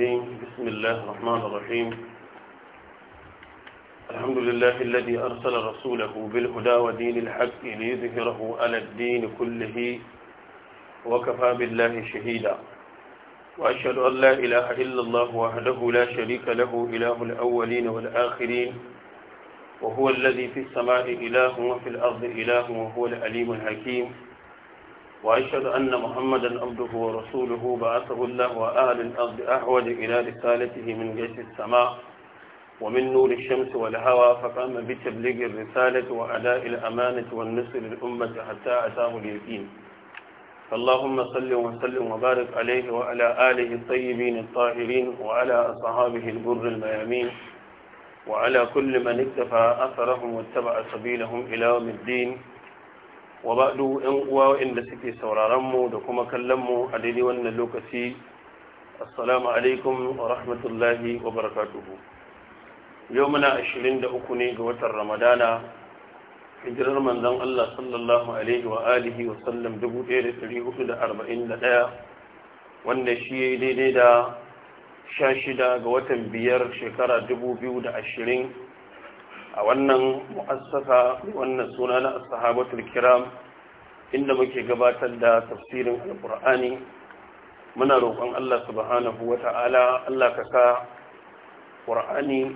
الرجيم بسم الله الرحمن الرحيم الحمد لله الذي أرسل رسوله بالهدى ودين الحق ليظهره على الدين كله وكفى بالله شهيدا وأشهد أن لا إله إلا الله وحده لا شريك له إله الأولين والآخرين وهو الذي في السماء إله وفي الأرض إله وهو العليم الحكيم وأشهد أن محمدا عبده ورسوله بعثه الله وأهل الأرض أحوج إلى رسالته من جيش السماء ومن نور الشمس والهوى فقام بتبليغ الرسالة وأداء الأمانة والنصر للأمة حتى أتاه اليقين فاللهم صل وسلم وبارك عليه وعلى آله الطيبين الطاهرين وعلى أصحابه البر الميامين وعلى كل من اكتفى أثرهم واتبع سبيلهم إلى يوم الدين wa ba'du yan uwa inda suke sauraron mu da kuma kallon mu a daidai wannan lokaci assalamu alaikum wa rahmatullahi wa barakatuhu yau muna uku ne ga watan ramadana hijirar manzon Allah sallallahu alaihi wa alihi wa sallam 1441 wanda shi yayi daidai da 16 ga watan biyar shekara 2020 a wannan mu'assasa wannan suna na sahabatul kiram inda muke gabatar da tafsirin alqur'ani muna roƙon Allah subhanahu wata'ala Allah ka sa qur'ani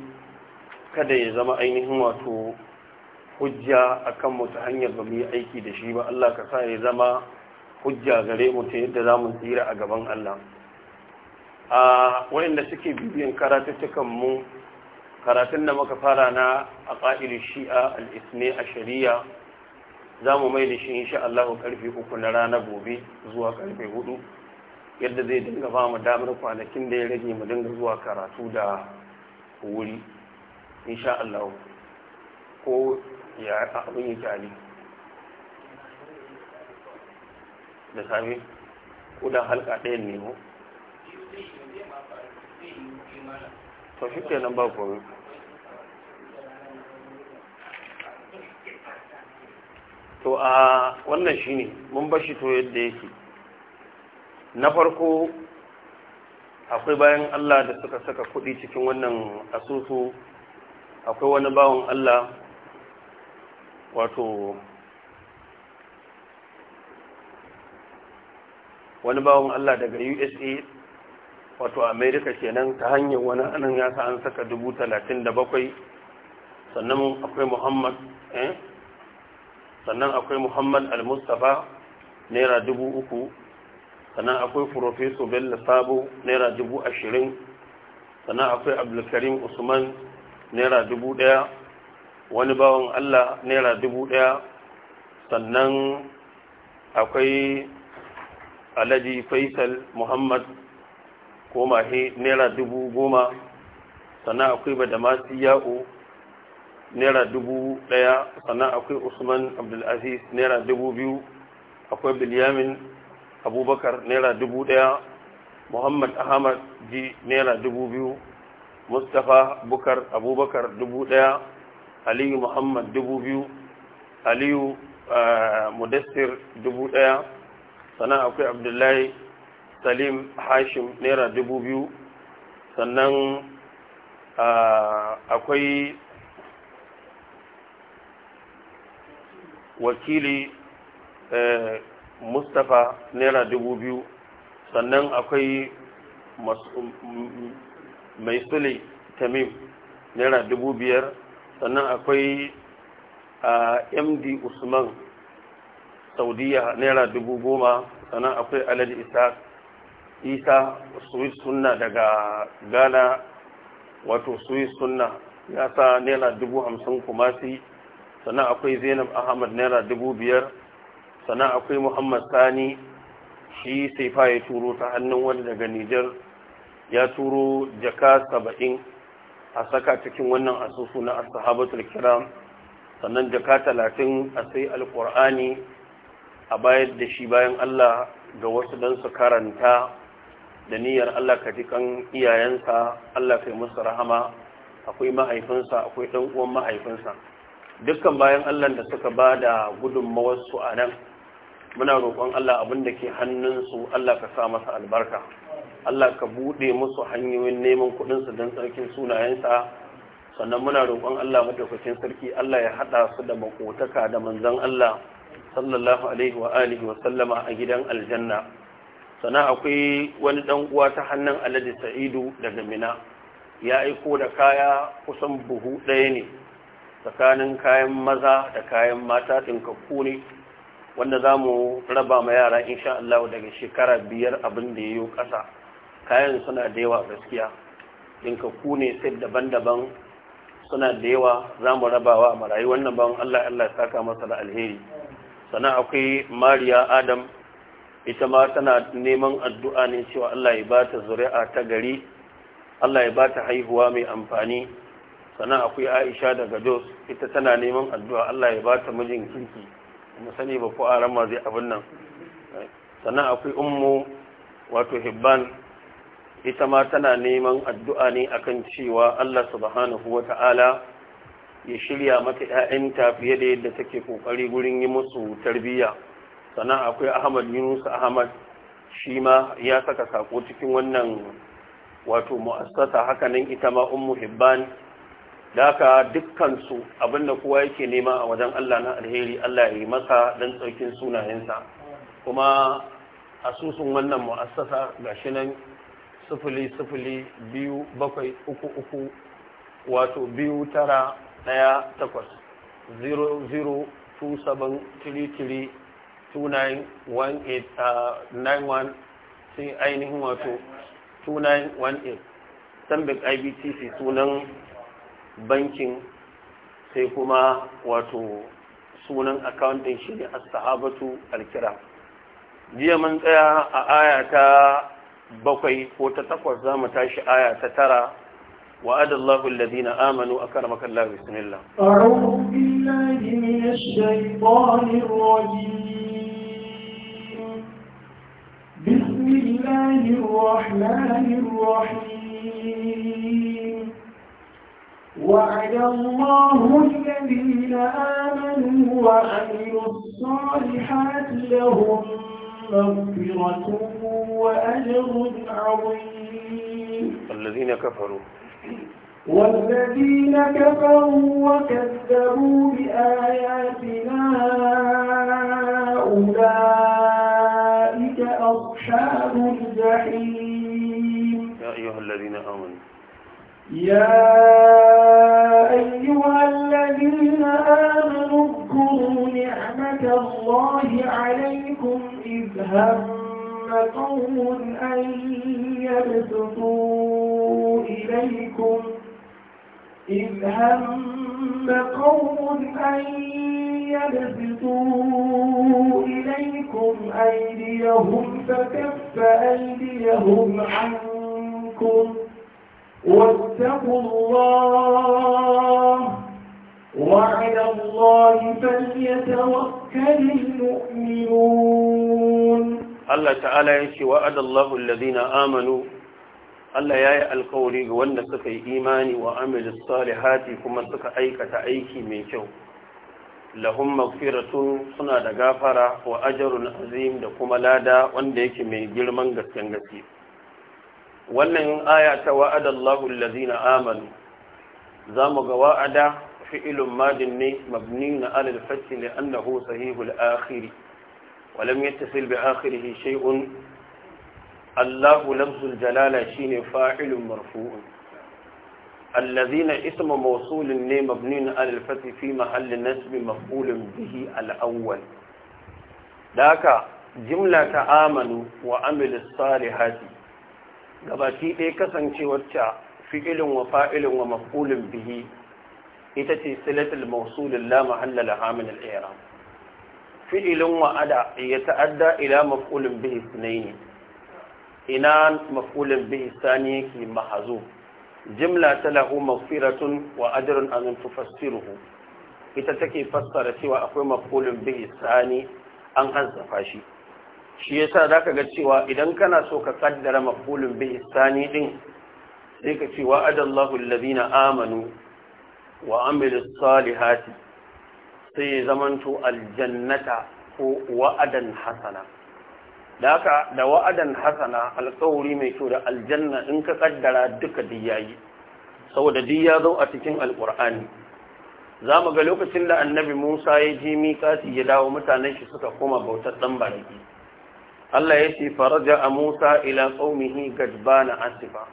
kada ya zama ainihin wato hujja akan mu ta hanyar ba mu yi aiki da shi ba Allah ka sa ya zama hujja gare mu ta yadda za mu tsira a gaban Allah a wayanda suke bibiyan karatuttukan mu karatun da muka fara na a ƙa'irin shi'a al'isne a shari'a za mu mai da shi insha Allah karfe uku na rana gobe zuwa karfe hudu yadda zai dinga ba mu damar kwanakin da ya rage mu dinga zuwa karatu da wuri insha Allah ko ya abin yi ali da sami ko da halka ɗayan nemo to shi nan ba yi to a wannan shi ne mun bashi to yadda yake na farko akwai bayan Allah da suka saka kuɗi cikin wannan asusu akwai wani bawan Allah wato wani bawan Allah daga USA wato america kenan ta hanyar wani anan ya sa an saka dubu talatin da bakwai sannan akwai muhammad eh? sannan akwai muhammad al-mustapha naira dubu uku sannan akwai professor bello sabo naira dubu ashirin sannan akwai abdulkarim usman naira dubu wani bawan allah naira dubu sannan akwai alhaji faisal muhammad ko mahe naira dubu goma sannan akwai badamasi ya'u naira dubu ɗaya sannan akwai usman abdulaziz naira dubu biyu akwai bilyamin abubakar naira dubu ɗaya muhammad ahmad ji naira dubu biyu mustapha bukar abubakar dubu ɗaya aliyu muhammad dubu biyu aliyu eh, mudassir dubu ɗaya sannan akwai abdullahi salim hashim naira dubu biyu sannan akwai wakili eh, mustapha naira dubu biyu sannan akwai mai sule tamim naira dubu biyar sannan akwai md usman saudiya naira dubu goma sannan akwai alhaji isaac isa swiss sunna daga ghana wato swiss sunna ya sa naira dubu hamsin kumasi sannan akwai zainab ahmad naira dubu biyar sannan akwai muhammad sani shi sai fa ya turo ta hannun wani daga nijar ya turo jaka saba'in a saka cikin wannan asusu na asahabatul kiram sannan jaka talatin a sai alkur'ani a bayar da shi bayan allah ga wasu don su karanta da niyyar Allah ka jikan iyayensa Allah kai musu rahama akwai mahaifinsa akwai ɗan uwan mahaifinsa dukkan bayan Allah da suka ba da gudunmawarsu a nan muna roƙon Allah abin da ke hannunsu Allah ka sa masa albarka Allah ka buɗe musu hanyoyin neman kuɗinsu don tsarkin sunayensa sannan muna roƙon Allah madaukakin sarki Allah ya haɗa su da makotaka da manzon Allah sallallahu alaihi wa alihi wa sallama a gidan aljanna sana akwai wani dan uwa ta hannun alhaji sa'idu daga mina ya aiko da kaya kusan buhu ɗaya ne tsakanin kayan maza da kayan mata ɗinkakku ne wanda za mu raba ma yara insha Allah daga shekara biyar abin da ya yi ƙasa kayan suna da yawa gaskiya ɗinkakku ne sai daban-daban suna da yawa za mu rabawa marayu wannan ban Allah Allah ya saka masa da alheri sana akwai mariya adam ita ma tana neman addu'a ne cewa Allah ya ba ta zuri'a ta gari Allah ya ba ta haihuwa mai amfani sannan akwai Aisha daga Jos ita tana neman addu'a Allah ya ba ta mijin kirki kuma sani ba ko a rama zai abin nan sannan akwai ummu wato hibban ita ma tana neman addu'a ne akan cewa Allah subhanahu wata'ala ya shirya mata ‘ya'yanta fiye da yadda take kokari gurin yi musu tarbiyya sannan akwai ahmad yunus ahmad shi ma ya saka sako cikin wannan wato mu'assasa hakanan ita ma ummu hibban daka dukkansu abinda kowa yake nema a wajen Allah na alheri Allah ya yi masa dan tsarkin sunayensa kuma asusun wannan mu'assasa gashi nan sifili sifili biyu bakwai uku uku wato biyu tara ɗaya takwas zero 33 2918 uh, sai ainihin tambik ibtc sunan bankin sai kuma wato sunan akawuntin shi ne as-sahabatu al jiya mun tsaya a aya ta bakwai ko ta takwas za mu tashi aya ta tara وعد الله الذين آمنوا أكرمك الله بسم الله أعوذ بالله من الشيطان الرجيم الله الرحمن الرحيم وعد الله الذين آمنوا وعملوا الصالحات لهم مغفرة وأجر عظيم الذين كفروا والذين كفروا وكذبوا بآياتنا أولئك أصحاب الجحيم يا أيها الذين آمنوا يا أيها الذين آمنوا اذكروا نعمة الله عليكم إذ هم قوم أن يبسطوا إليكم إذ هم قوم أن يبسطوا إليكم أيديهم فكف أيديهم عنكم واتقوا الله وعلى الله فليتوكل المؤمنون الله تعالى يشي وعد الله الذين آمنوا Allah ya yi alkawari ga wanda suka yi imani wa tsari salihati kuma suka aikata aiki mai kyau lahun magfiratun suna da gafara wa ajarun azim da kuma lada wanda yake mai girman gasken gaske wannan aya ta wa'ada lazina amalu, amanu zamu ga wa'ada fi'ilun madin ne mabni na alal fathi li annahu sahihul akhir wa lam yattasil bi akhirih shai'un Allahu lafzul jalala shine fa'ilun marfu'un allazina isma mawsulun ne mabnin alal fathi fi mahalli nasbi maf'ulun bihi al-awwal daka jimla ta amanu wa amilus salihati gabaki ɗaya kasancewar ta fi'ilun wa fa'ilun wa bihi ita ce silatul mawsulun la mahalla laha min fi'ilun wa ada ya ta'adda ila mafulin bihi ne. ina maf'ulin bihi sani yake mahazo? jimla ta lahu mafiratun wa ajrun an tufassiruhu ita take fassara cewa akwai maf'ulin bihi sani an hazzafa shi shi yasa zaka ga cewa idan kana so ka kaddara maf'ulin bihi sani din sai ka ce wa adallahu alladhina amanu wa amilus salihati sai zamanto aljannata ko wa'adan hasana da haka da wa'adan hasana alƙawari mai kyau da aljanna in ka kaddara duka diyayi saboda duk ya zo a cikin alƙur'ani za mu ga lokacin da annabi musa ya je miƙati ya dawo mutanen shi suka koma bautar ɗan baraki allah ya ce faraja a musa ila qaumihi gadbana asifa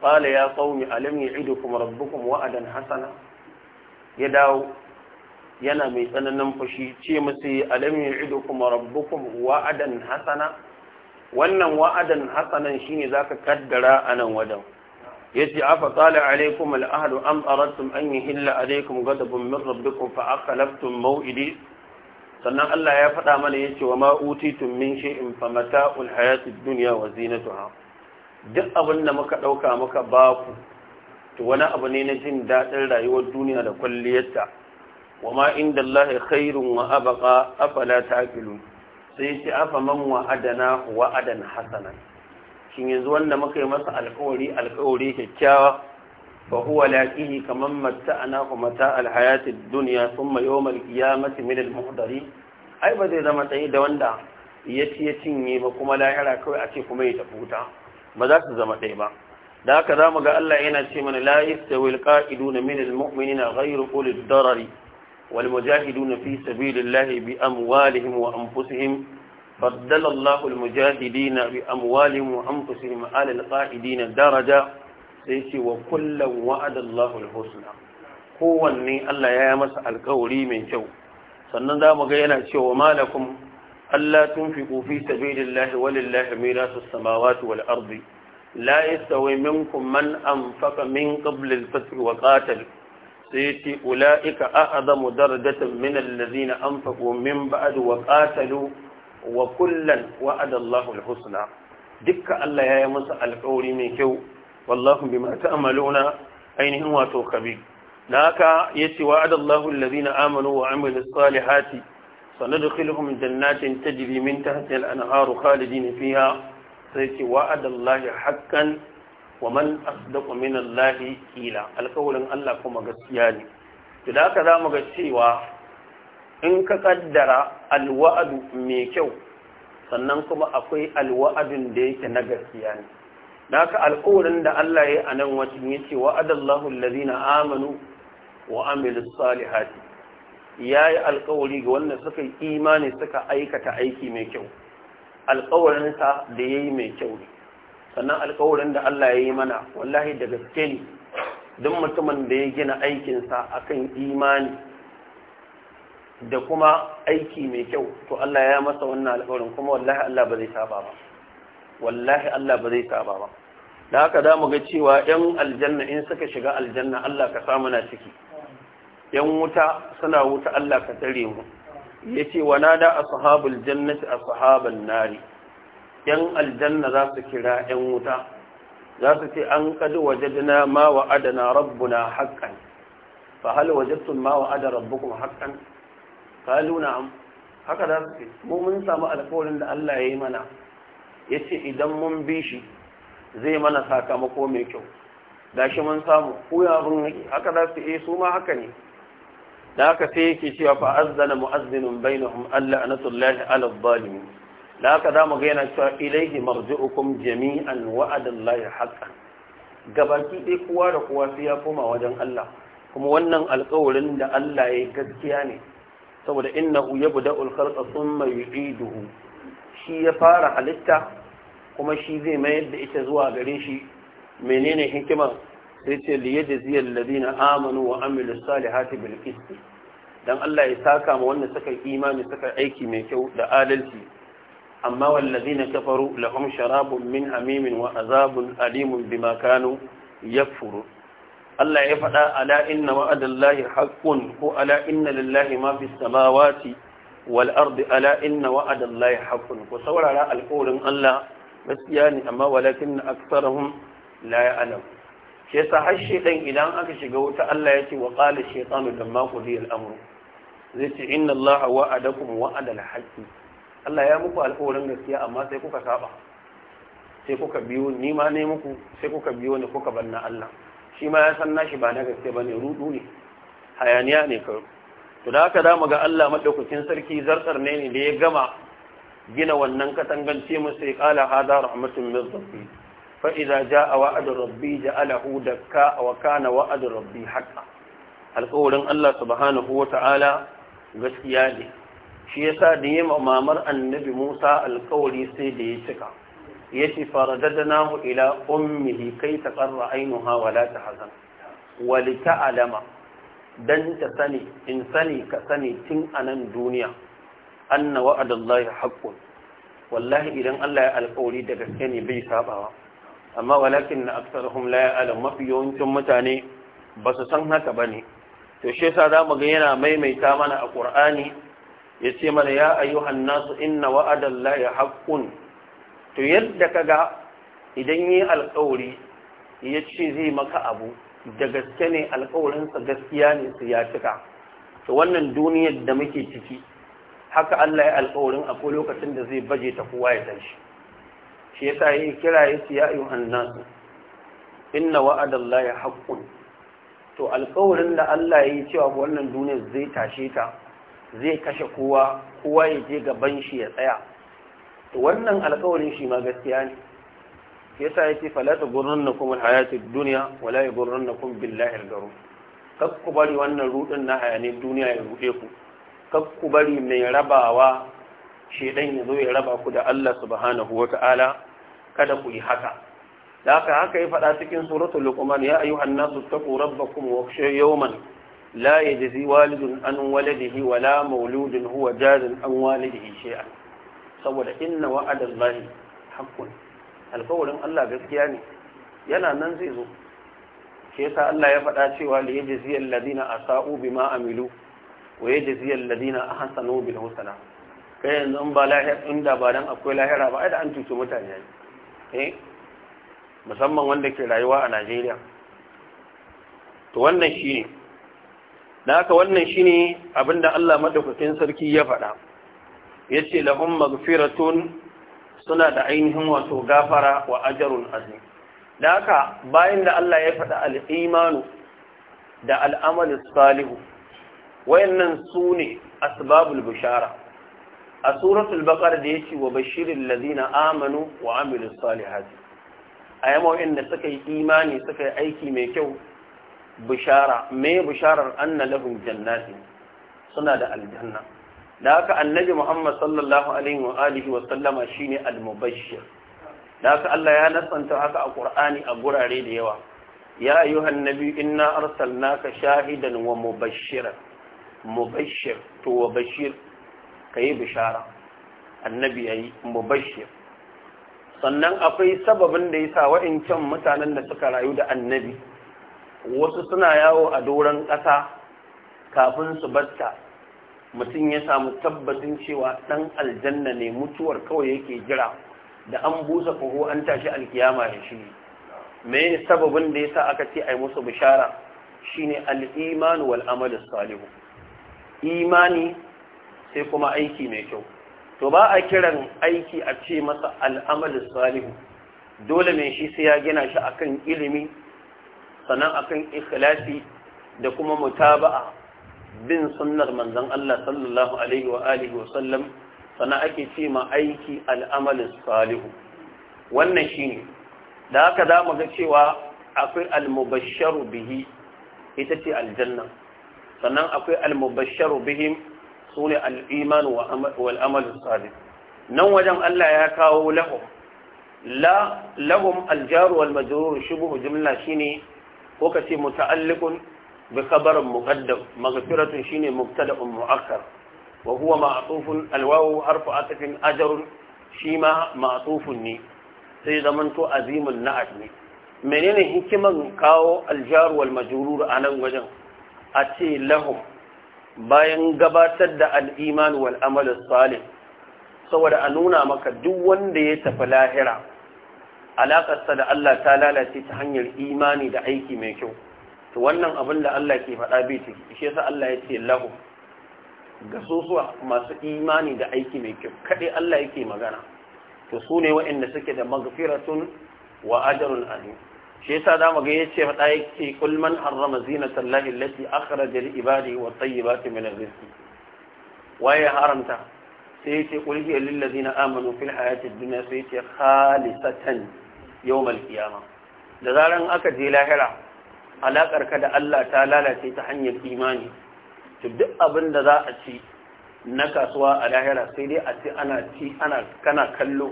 qala ya qaumi alam kuma rabbukum wa'adan hasana ya dawo yana mai tsananin fushi ce musu alam kuma rabbukum wa'adan hasana wannan wa'adan hasanan shine zaka kaddara anan wajen yace afa qala alaykum al-ahdu am aradtum an yuhilla alaykum ghadabun min rabbikum fa aqlabtum maw'idi sannan Allah ya faɗa mana yace wa ma utitum min shay'in famata'ul hayatid dunya wa zinatuha duk abin da muka dauka muka baku. to wani abu ne na jin daɗin rayuwar duniya da kwalliyarta وما عند الله sai وأبقى Afa man wa adana وعدنا وعدا حسنا shin yanzu wanda muka yi masa alkawari alkawari kyakkyawa fa huwa laqihi kaman matta'ana wa mata alhayatid dunya thumma yawm alqiyamati min almuhdari ai ba zai zama sai da wanda ya ci ya cinye ba kuma lahira kawai a ce kuma ya tafi wuta ba za su zama ɗaya ba da haka za mu ga Allah yana ce mana la yastawi alqa'iduna min almu'minina ghayru ulil darari والمجاهدون في سبيل الله بأموالهم وأنفسهم فضل الله المجاهدين بأموالهم وأنفسهم على القائدين درجة سيسي وكلا وعد الله الحسنى هو أني ألا يامس القولي من شو سنندا مغينا شو ما لكم ألا تنفقوا في سبيل الله ولله ميراث السماوات والأرض لا يستوي منكم من أنفق من قبل الفتح وقاتل sai ce ula’ika a azamu daradatun minan lalzina an faƙo min ba’adu wa ƙatalu wa kullum wa adallahu dukkan Allah ya yi masa alƙauri mai kyau wallahu bi mata amaluna ainihin wato kabi na aka ya ce wa adallahu lalzina amalu wa amalu tsali hati sanadu kilhum jannatin ta jibi min ta hasil an haru khalidi ne fiya sai ce wa adallahu hakan wa man asdaqu min Allah qila alƙawarin Allah kuma gaskiya ne to da haka zamu ga cewa in ka kaddara alwa'adu mai kyau sannan kuma akwai alwa'adun da yake na gaskiya ne da haka alƙawarin da Allah ya a nan wacin ya ce wa'adallahu allazina amanu wa amilus salihati yayi alƙawari ga wanda suka yi imani suka aikata aiki mai kyau sa da yayi mai kyau ne sannan alkawarin da Allah ya yi mana wallahi da gaske ne don mutumin da ya gina aikinsa akan imani da kuma aiki mai kyau to Allah ya masa wannan alkawarin kuma wallahi Allah ba zai saba ba wallahi Allah ba zai saba ba da haka za mu ga cewa ‘yan aljanna in suka shiga aljanna Allah ka samu na ciki ‘yan wuta suna wuta Allah ka tsare mu ya ce wa na da a sahabul jannati a sahabul nari yan aljanna za su kira yan wuta za su ce an kadu wajadna ma wa wa'adana rabbuna haƙƙan, fa waje sun ma wa wa'ada rabbukum haqqan qalu na'am haka za su ce mu mun samu alƙawarin da Allah ya yi mana Ya ce idan mun bi shi zai mana sakamako mai kyau Da shi mun samu ko yarun haka za su yi eh, su ma haka ne da haka sai yake cewa fa azzana mu'azzinun bainahum alla anatullahi ala zalimin da haka za mu gaina cewa ilaihi marji'ukum jami'an wa'adallahi haka. gabaki dai kowa da kowa sai ya koma wajen Allah kuma wannan alƙawarin da Allah ya gaskiya ne saboda innahu yabda'ul khalqa thumma yu'iduhu shi ya fara halitta kuma shi zai mayar da ita zuwa gare shi menene hikimar sai ce liyajzi alladhina amanu wa amilus salihati bil qist dan Allah ya saka ma wanda suka imani suka aiki mai kyau da adalci amma ta kafaru lahum sharabun min hamimin wa azabun alimun bima kanu furu. Allah ya faɗa ala inna wa'adallahi haqqun ko ala inna lillahi ma fis samawati wal ardi ala inna wa'adallahi hakun. ko saurara alƙawarin Allah gaskiya ne amma walakin aktsaruhum la ya'lam shi yasa har shedan idan aka shiga wuta Allah yace wa qala shaytanu lamma qudiya al-amru zai ce inna Allah wa'adakum wa'adal haqqi Allah ya muku alƙawarin gaskiya amma sai kuka saba sai kuka biyo ni ma ne muku sai kuka biyo ne kuka banna Allah shi ma ya san nashi ba na gaske bane rudu ne hayaniya ne ka to da haka da ga Allah madaukakin sarki zartsar ne ne da ya gama gina wannan katangance mu sai qala hada rahmatun min rabbi fa idza jaa wa'du rabbi ja'alahu dakka wa kana wa'du rabbi haqqan alkawarin Allah subhanahu wata'ala gaskiya ne shi yasa da yi mamar annabi Musa alkawari sai da ya cika ya ce faradadnahu ila ummihi kai ta karra ainuha wa la tahzan wa li dan ta sani in sani ka sani tun anan duniya anna wa'adallahi haqqun wallahi idan Allah ya alkawari da gaske ne bai sabawa amma walakin na aksarhum la ya'lam mafi yawancin mutane ba su san haka bane to shi yasa zamu ga yana maimaita mana a Qur'ani ya ce mana ya ayyuhan nasu inna wa'adan ya haƙƙun to yadda ka ga idan yi alƙawari ya ce zai maka abu da gaske ne alƙawarinsa gaskiya ne su ya cika to wannan duniyar da muke ciki haka Allah ya alƙawarin akwai lokacin da zai baje ta kowa ya tashi shi yasa yayi kira ya ce ya ayyuhan nasu inna wa'adallahi haqqun to alƙawarin da Allah ya yi cewa wannan duniyar zai tashe ta zai kashe kowa kowa ya je gaban shi ya tsaya to wannan alƙawarin shi ma gaskiya ne yasa yake fala ta kuma alhayatid duniya wala kuma billahi algaru kak ku bari wannan rudin na hayani duniya ya rude ku kak ku bari mai rabawa shedan ya zo ya raba ku da Allah subhanahu wataala kada ku yi haka da haka haka ya faɗa cikin suratul luqman ya ayyuhan nasu taqu rabbakum wa khshaw yawman لا يجزي والد عن ولده ولا مولود هو جاز عن والده شيئا saboda inna wa'adar lahi haƙƙun alkawarin Allah gaskiya ne yana nan zai zo Ke sa Allah ya faɗa cewa li yajzi alladhina asa'u bima amilu wa Ladina a ahsanu bil husna kai yanzu in ba lahira inda ba dan akwai lahira ba ai da an tuce mutane eh musamman wanda ke rayuwa a Najeriya to wannan shine da haka wannan shine abinda Allah madaukakin sarki ya faɗa Ya yace lahum maghfiratun suna da ainihin wato gafara wa ajrun azim da haka bayan da Allah ya faɗa al da al salihu wayannan sune asbabul bishara a suratul baqara da yace wa bashirin ladina amanu wa amilus salihati ayyama wayanda suka yi imani suka yi aiki mai kyau bishara me bisharar anna lahum jannatin suna da aljanna da haka annabi Muhammad sallallahu alaihi wa alihi wa sallama shine al-mubashshir da haka Allah ya nasanta haka a Qur'ani a gurare da yawa ya ayyuhan nabi inna arsalnaka shahidan wa mubashshiran mubashshir to wa bashir kai bishara annabi yayi mubashshir sannan akwai sababin da yasa wa'incan mutanen da suka rayu da annabi wasu suna yawo a doron ƙasa kafin su batta mutum ya samu tabbatin cewa ɗan aljanna ne mutuwar kawai yake jira da an busa kuhu an tashi alkiyama ya shi me sababin da ya sa aka ce ai musu bishara Shi ne al’imanu wal’amadu salihu imani sai kuma aiki mai kyau to ba a kiran aiki a ce masa Al'amadu Salihu? dole mai shi sai ya gina shi a kan ilimi sannan akan ikhlasi da kuma mutaba'a bin sunnar manzon Allah sallallahu alaihi wa alihi wa sallam sannan ake ce ma aiki al'amalin salihu wannan shine da haka za mu ga cewa akwai almubasharu bihi ita ce aljanna sannan akwai almubasharu bihim su ne al'iman wal'amalin salih nan wajen Allah ya kawo lahum lahum aljaru wal majrur shibhu jumla shine ko ka ce muta'alliqun bi khabarin muqaddam maghfiratun shine mubtada'un mu'akkar wa huwa ma'tufun alwawu harfu atfin ajrun shi ma ma'tufun ne sai zaman to azimun na'at ne menene hikiman kawo aljar wal majrur anan wajen a ce lahum bayan gabatar da al'iman wal amal salih saboda a nuna maka duk wanda ya tafi lahira alaƙarsa da Allah ta lalace ta hanyar imani da aiki mai kyau to wannan abin da Allah ke faɗa bai ciki shi yasa Allah ya ce lahu ga sosuwa masu imani da aiki mai kyau kaɗai Allah yake magana to su ne waɗanda suke da magfiratun wa ajrun ali shi yasa zamu ya ce faɗa yake kul man harrama zinata allahi allati akhraja li ibadihi wa tayyibati min rizqi waye haramta sai yace qul hiya lil ladina amanu fil hayati ad-dunya sai yace khalisatan Yau qiyama da zarar aka je lahira alakar ka da Allah ta lalace ta hanyar imani to duk abin da za a ci na kasuwa a lahira sai dai a ci ana ci ana kana kallo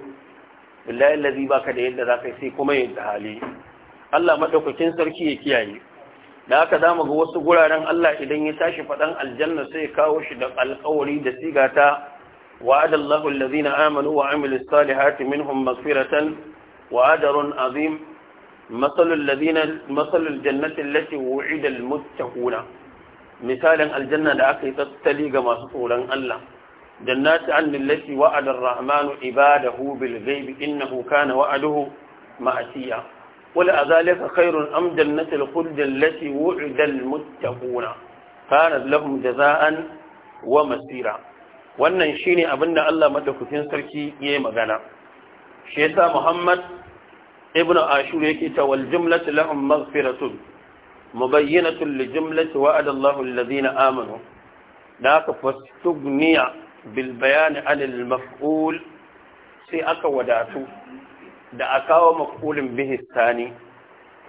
billahi allazi baka da yadda zaka sai kuma yadda hali Allah maɗaukakin sarki ya kiyaye da haka zamu ga wasu guraren Allah idan ya tashi faɗan aljanna sai ya kawo shi da alƙawari da sigata ta Allahu allazina amanu wa amilu salihati minhum maghfiratan وأجر عظيم مثل الذين مثل الجنة التي وعد المتقون مثالا الجنة لأكي تتليق ما سطولا الله جنات عن التي وعد الرحمن عباده بالغيب إنه كان وعده مأتيا ولأذلك خير أم جنة الخلد التي وعد المتقون كانت لهم جزاء ومسيرا wannan shine abin da Allah madaukakin sarki yayi magana shi yasa muhammad ibn ashur yake ta wal jumlatu lahum maghfiratun mubayyinatun li jumlati wa'ada Allahu alladhina amanu da ka fastugniya bil bayan an maf'ul sai aka wadatu da akawo maf'ulin bihi thani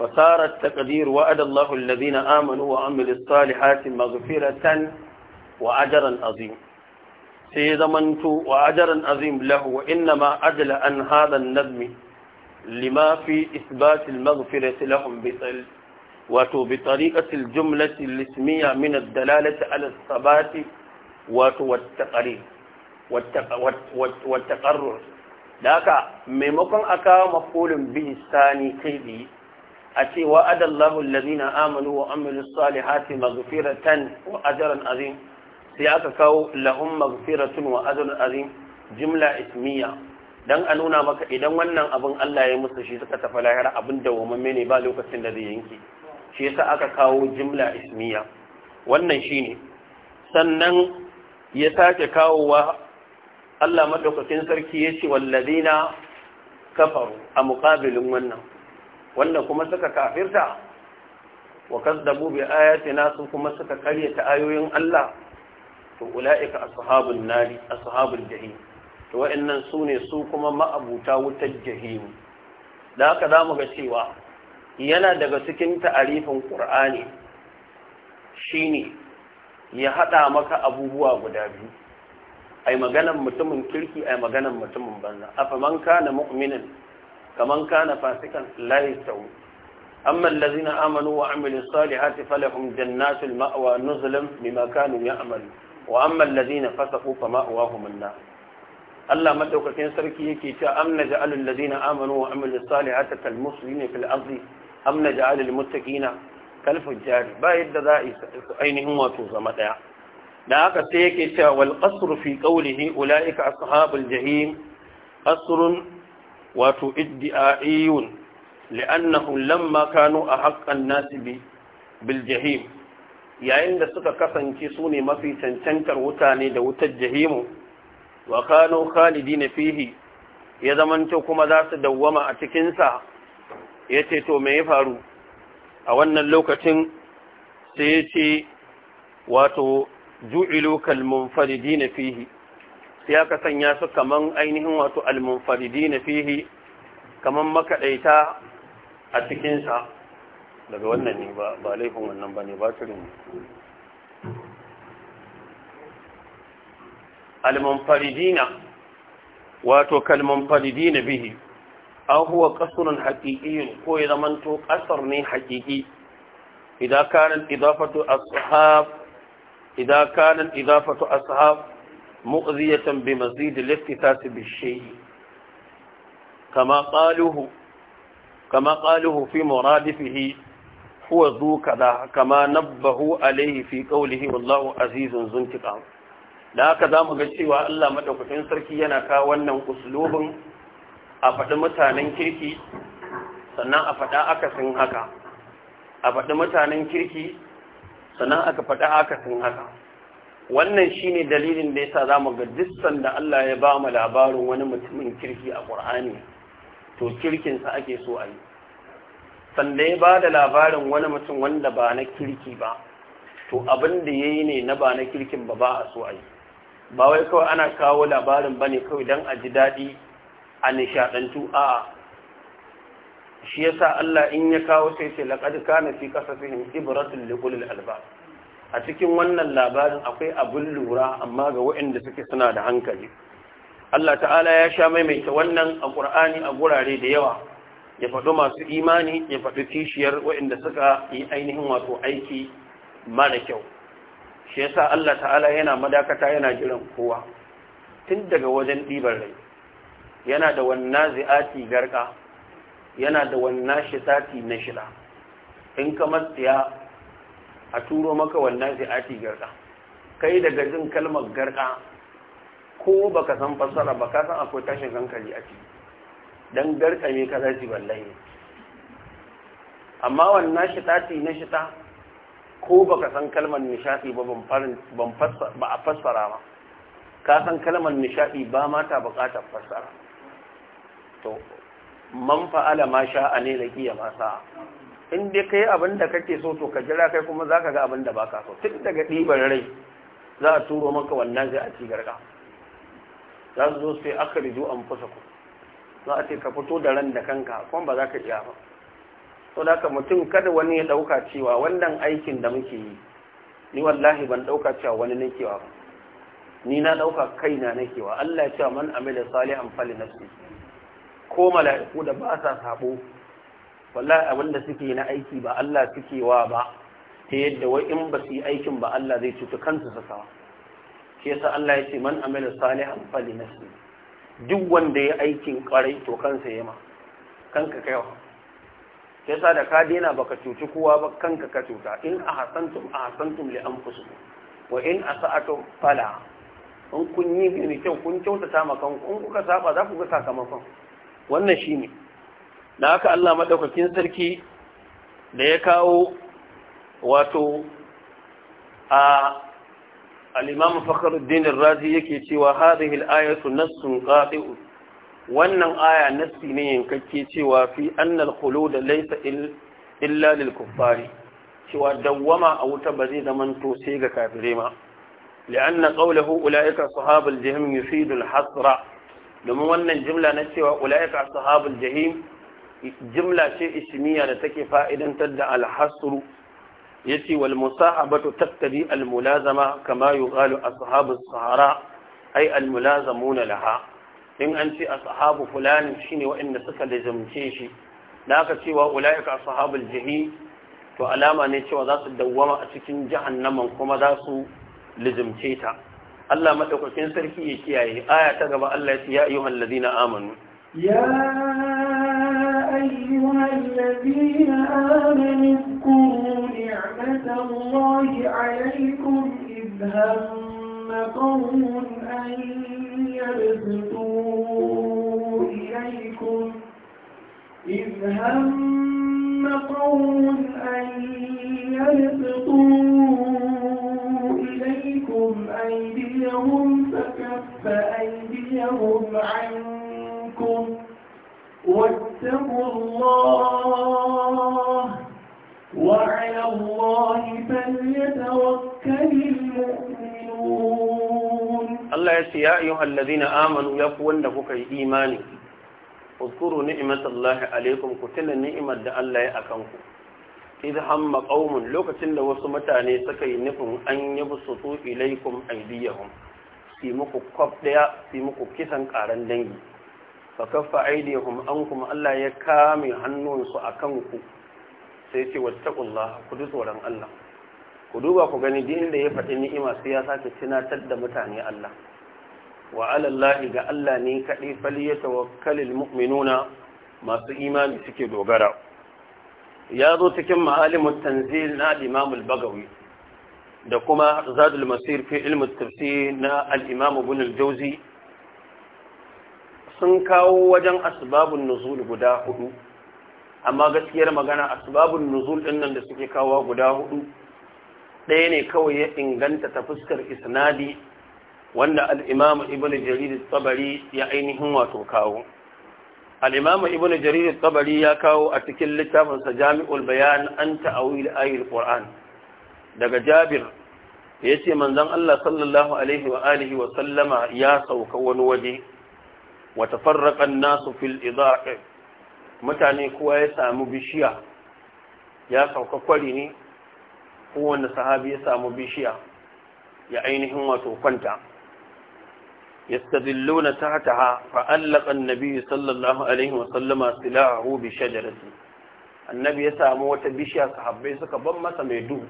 فصار التقدير وعد الله الذين آمنوا وعملوا الصالحات مغفرة وأجرا عظيما sai ya zamanto wa ajaran azim lahu wa inna ma ajala an hada nazmi limafi fi isbat al wato bi tariqati al-jumlati al-ismiyya min ad-dalalati sabati wato wat-taqrir wat daka maimakon aka mafulun bi sani kai bi a ce wa adallahu allazina amanu wa amilus salihati magfiratan wa ajran azim sai aka kawo lahum magfiratun wa ajrun azim jimla ismiya dan a nuna maka idan wannan abin Allah ya musu shi suka tafi lahira abin da wamamme ne ba lokacin da zai yanki shi yasa aka kawo jimla ismiya wannan shine sannan ya sake kawowa Allah madaukakin sarki ya ce walladina kafaru a muqabilin wannan wanda kuma suka kafirta wa kazzabu bi ayatina su kuma suka karyata ayoyin Allah to ula'ika ashabun nari ashabul jahim to waɗannan su ne su kuma ma'abuta wutar jahim da haka damu ga cewa yana daga cikin ta'arifin shi ne ya haɗa maka abubuwa guda biyu ai maganan mutumin kirki ai maganan mutumin banza afa man kana mu'minin kaman kana fasikan la yastawi amma allazina amanu wa amilus salihati falahun jannatul ma'awa nuzulan bima kanu ya'malun wa amma allazina fasaqu fa ma'awahum an-nar Allah madaukakin sarki yake cewa am naj'alu allazina amanu wa amilu salihati kal muslimina fil ardi Amna naj'alu lil muttaqina kal fujjar ba yadda za ainihin wato zama daya da haka sai yake cewa wal qasru fi qawlihi ulaika ashabul jahim qasrun wato iddi'aiyun لأنهم لما كانوا أحق الناس بالجحيم yayin da suka kasance su ne mafi cancantar wuta ne da wutar jahimu wa kano khalidi na fihi ya zamanta kuma za su dawwama a cikinsa ya ce to me ya faru a wannan lokacin sai ya ce wato ju'ilu kalmunfaridi na fihi sai aka sanya su kaman ainihin wato almunfaridi na fihi kaman makaɗaita a cikinsa daga wannan ne ba laifin wannan ba ne ba su rin almanfaridina wato kalmanfaridina bihi an huwa kasurin haƙiƙiyun ko ya zamanto ƙasar ne haƙiƙi idan kanin idafatu ashab idan kanin idafatu ashab mu'ziyatan bi mazid al-iftisas bi shay'i kama qaluhu kama qaluhu fi muradifihi huwa zu kaza kama nabbahu alaihi fi qawlihi wallahu azizun zuntiqam da haka zamu ga cewa Allah madaukakin sarki yana ka wannan uslubin a faɗi mutanen kirki sannan a faɗa akasin haka a faɗi mutanen kirki sannan aka faɗa akasin haka wannan shine dalilin da yasa zamu ga dissan da Allah ya ba mu labarin wani mutumin kirki a Qur'ani to kirkinsa ake so a yi sanda ya ba da labarin wani mutum wanda ba na kirki ba to abin da ya yi ne na ba na kirkin ba ba a so a yi ba wai kawai ana kawo labarin ba ne kawai don a ji daɗi a nishaɗantu a shi ya sa Allah in ya kawo sai ce ka na fi ƙasa kasafihim ibratun liqulil alba a cikin wannan labarin akwai abin lura amma ga waɗanda suke suna da hankali Allah ta'ala ya sha maimaita wannan a ƙur'ani a gurare da yawa ya faɗo masu imani ya faɗo kishiyar waɗanda suka yi ainihin wato aiki mara kyau shi yasa Allah ta'ala yana madakata yana jiran kowa tun daga wajen ɗibar rai yana da wannan zi'ati garka yana da wannan sati na shila in ka matsiya a turo maka wannan zi'ati garka kai daga jin kalmar garka ko baka san fasara? ba kasan san akwai tashin hankali a ciki don garkame ka zafi wallahi amma wannan shitati na shita ko baka san kalmar nishadi ba ban ba a fassara ba ka san kalmar nishadi ba mata bukatar fassara to man fa'ala ma sha'a ne da kiya ma sa'a in dai kai abin da kake so to ka jira kai kuma zaka ga abin da baka so tun daga ɗiban rai za a turo maka wannan zai a ci garka. za su zo sai aka rizu an fasa za a ce ka fito da ran da kanka kuma ba za ka iya ba so da mutum kada wani ya ɗauka cewa wannan aikin da muke yi ni wallahi ban ɗauka cewa wani nake wa ni na ɗauka kaina nake wa Allah ya ce man amila salihan fali nafsi ko mala'iku da ba sa sabo wallahi abin da suke na aiki ba Allah suke wa ba ta yadda wai in ba su yi aikin ba Allah zai cuta kansu su sawa shi yasa Allah ya ce man amila salihan fali nafsi duk wanda ya aikin kwarai to kansa ya ma kanka kaiwa sa da ka daina baka cuci kowa ba kanka ka cuta in a ahsantum ahsantum li anfusikum wa in a asa'atum fala in kun yi ne kyau kun kyautata ma kanku in kuka saba za ku ga sakamakon wannan shine da haka Allah madaukakin sarki da ya kawo wato a al-imam fakhruddin razi yake cewa hadhihi al-ayatu nassun qati'u wannan aya nassi ne yankakke cewa fi anna al-khulud laysa illa lil kuffari cewa dawwama a wuta ba zai zama to sai ga kafire ma li'anna qawluhu ulaika sahabul jahim yufidu al-hasra domin wannan jimla na cewa ulaika sahabul jahim jimla ce ismiya da take fa'idantar da al-hasru yace wal musahabatu tattabi al mulazama kama yuqalu ashabu sahara ay al mulazamuna laha in an ce ashabu fulan shine waɗanda suka lazumce shi da aka cewa ulaika ashabul jahim to alama ne cewa za su dawwama a cikin jahannaman kuma za su lazumce ta Allah madaukakin sarki ya kiyaye aya ta gaba Allah ya ce ya ayyuhal ladina amanu ya أيها الذين آمنوا اذكروا نعمة الله عليكم إذ هم قوم أن يبسطوا إليكم إذ هم قوم أن يبسطوا إليكم أيديهم فكف أيديهم عنكم واتقوا الله وعلى الله فليتوكل المؤمنون الله يسي يا أيها الذين آمنوا يقول لك إيماني اذكروا نعمة الله عليكم كتل نعمة الله أكمكم إذا هم قوم لوك كتل وسمتاني سكي نفهم أن يبسطوا إليكم أيديهم في مكو قبضة في مكو كسن قارن دنجي fa kaffa an kuma Allah ya kame hannunsu a ku sai ce wattaqullaha ku ji tsoron Allah ku duba ku gani din da ya faɗi ni'ima sai ya sake tunatar da mutane Allah wa alallahi ga Allah ne kaɗai falyatawakkalul mu'minuna masu imani suke dogara ya zo cikin ma'alimut tanzil na al bagawi da kuma zadul masir fi ilmi tafsir na al-imam ibn al-jawzi sun kawo wajen asibabin nuzul guda hudu amma gaskiyar magana asibabin nuzul din nan da suke kawo guda hudu ɗaya ne kawai ya inganta ta fuskar isnadi wanda al Ibn jarir ya ainihin wato kawo al Ibn ibnu jarir ya kawo a cikin littafinsa jami'ul bayan an ta'awil ayatul daga jabir ya ce manzon Allah sallallahu alaihi wa wa sallama ya sauka wani waje wata farraƙan nasu fil izaƙi mutane kuwa ya samu bishiya ya sauka kwari ne kowane sahabi ya samu bishiya ya ainihin wato kwanta yastadilluna tahtaha fa allaqa an-nabiy sallallahu alaihi wa sallama bishiya da rasu. annabi ya samu wata bishiya sahabbai suka ban masa mai duhu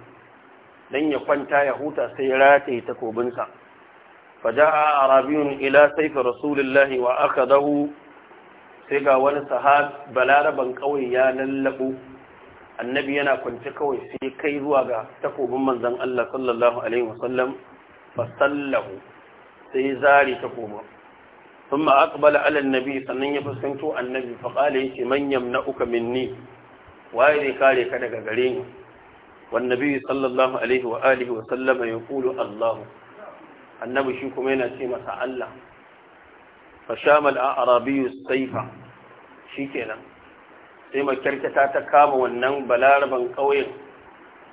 dan ya kwanta ya huta sai ya rataye takobinsa فجاء عربي الى سيف رسول الله واخذه سيغا وني صحاب بلاله بن قوي يا لللبو annabi yana kwanci kawai sai kai zuwa ga takobin manzan Allah sallallahu Alaihi wasallam ba sallahu sai zari takoba sun ma'aƙabala alal nabi sannan ya fuskanto annabi faƙala ya ce manyan na'uka minni waye zai kare ka daga gare ni wannabi sallallahu Alaihi wa'alihi wasallama ya kulu Allahu annabi shi kuma yana ce masa Allah fashamal arabiyu saifa shikenan sai makyarkata ta kama wannan balaraban ƙauyen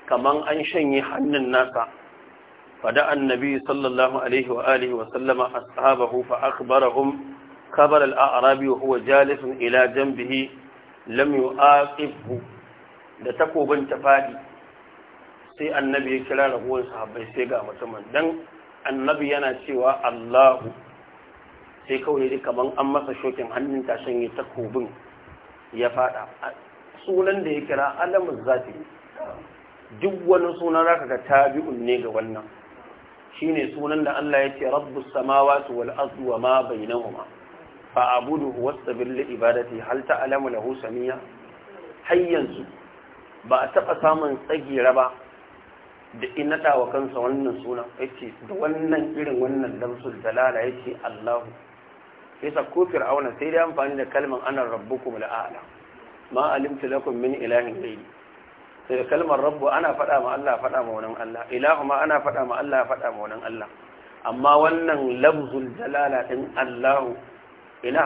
kaman an shanye hannun nasa fada annabi sallallahu alaihi wa alihi wa sallama ashabahu fa akhbarahum khabar al-a'rabi wa huwa jalisun ila janbihi lam yu'aqibhu da takobin ta fadi sai annabi ya kira rahuwan sahabbai sai ga mutumin dan annabi yana cewa Allahu sai kawai ji kamar an masa shokin hannun tashin ya takobin ya fada sunan da ya kira alamun zafi duk wani sunan zaka ga tabi'un ne ga wannan shine sunan da Allah ya ce rabbus samawati wal ardi wa ma bainahuma fa abudu wastabir li ibadati hal alamu lahu samia hayyansu ba a taɓa samun tsagira ba da in naɗa wa kansa wannan suna yake da wannan irin wannan damsul dalala yace Allahu yasa ko fir'auna sai dai amfani da kalmar ana rabbukum la'ala ma alimtu lakum min ilahin ghayri sai da kalmar rabbu ana fada ma Allah fada ma wannan Allah ilahu ma ana fada ma Allah fada ma wannan Allah amma wannan labzul dalala din Allahu ina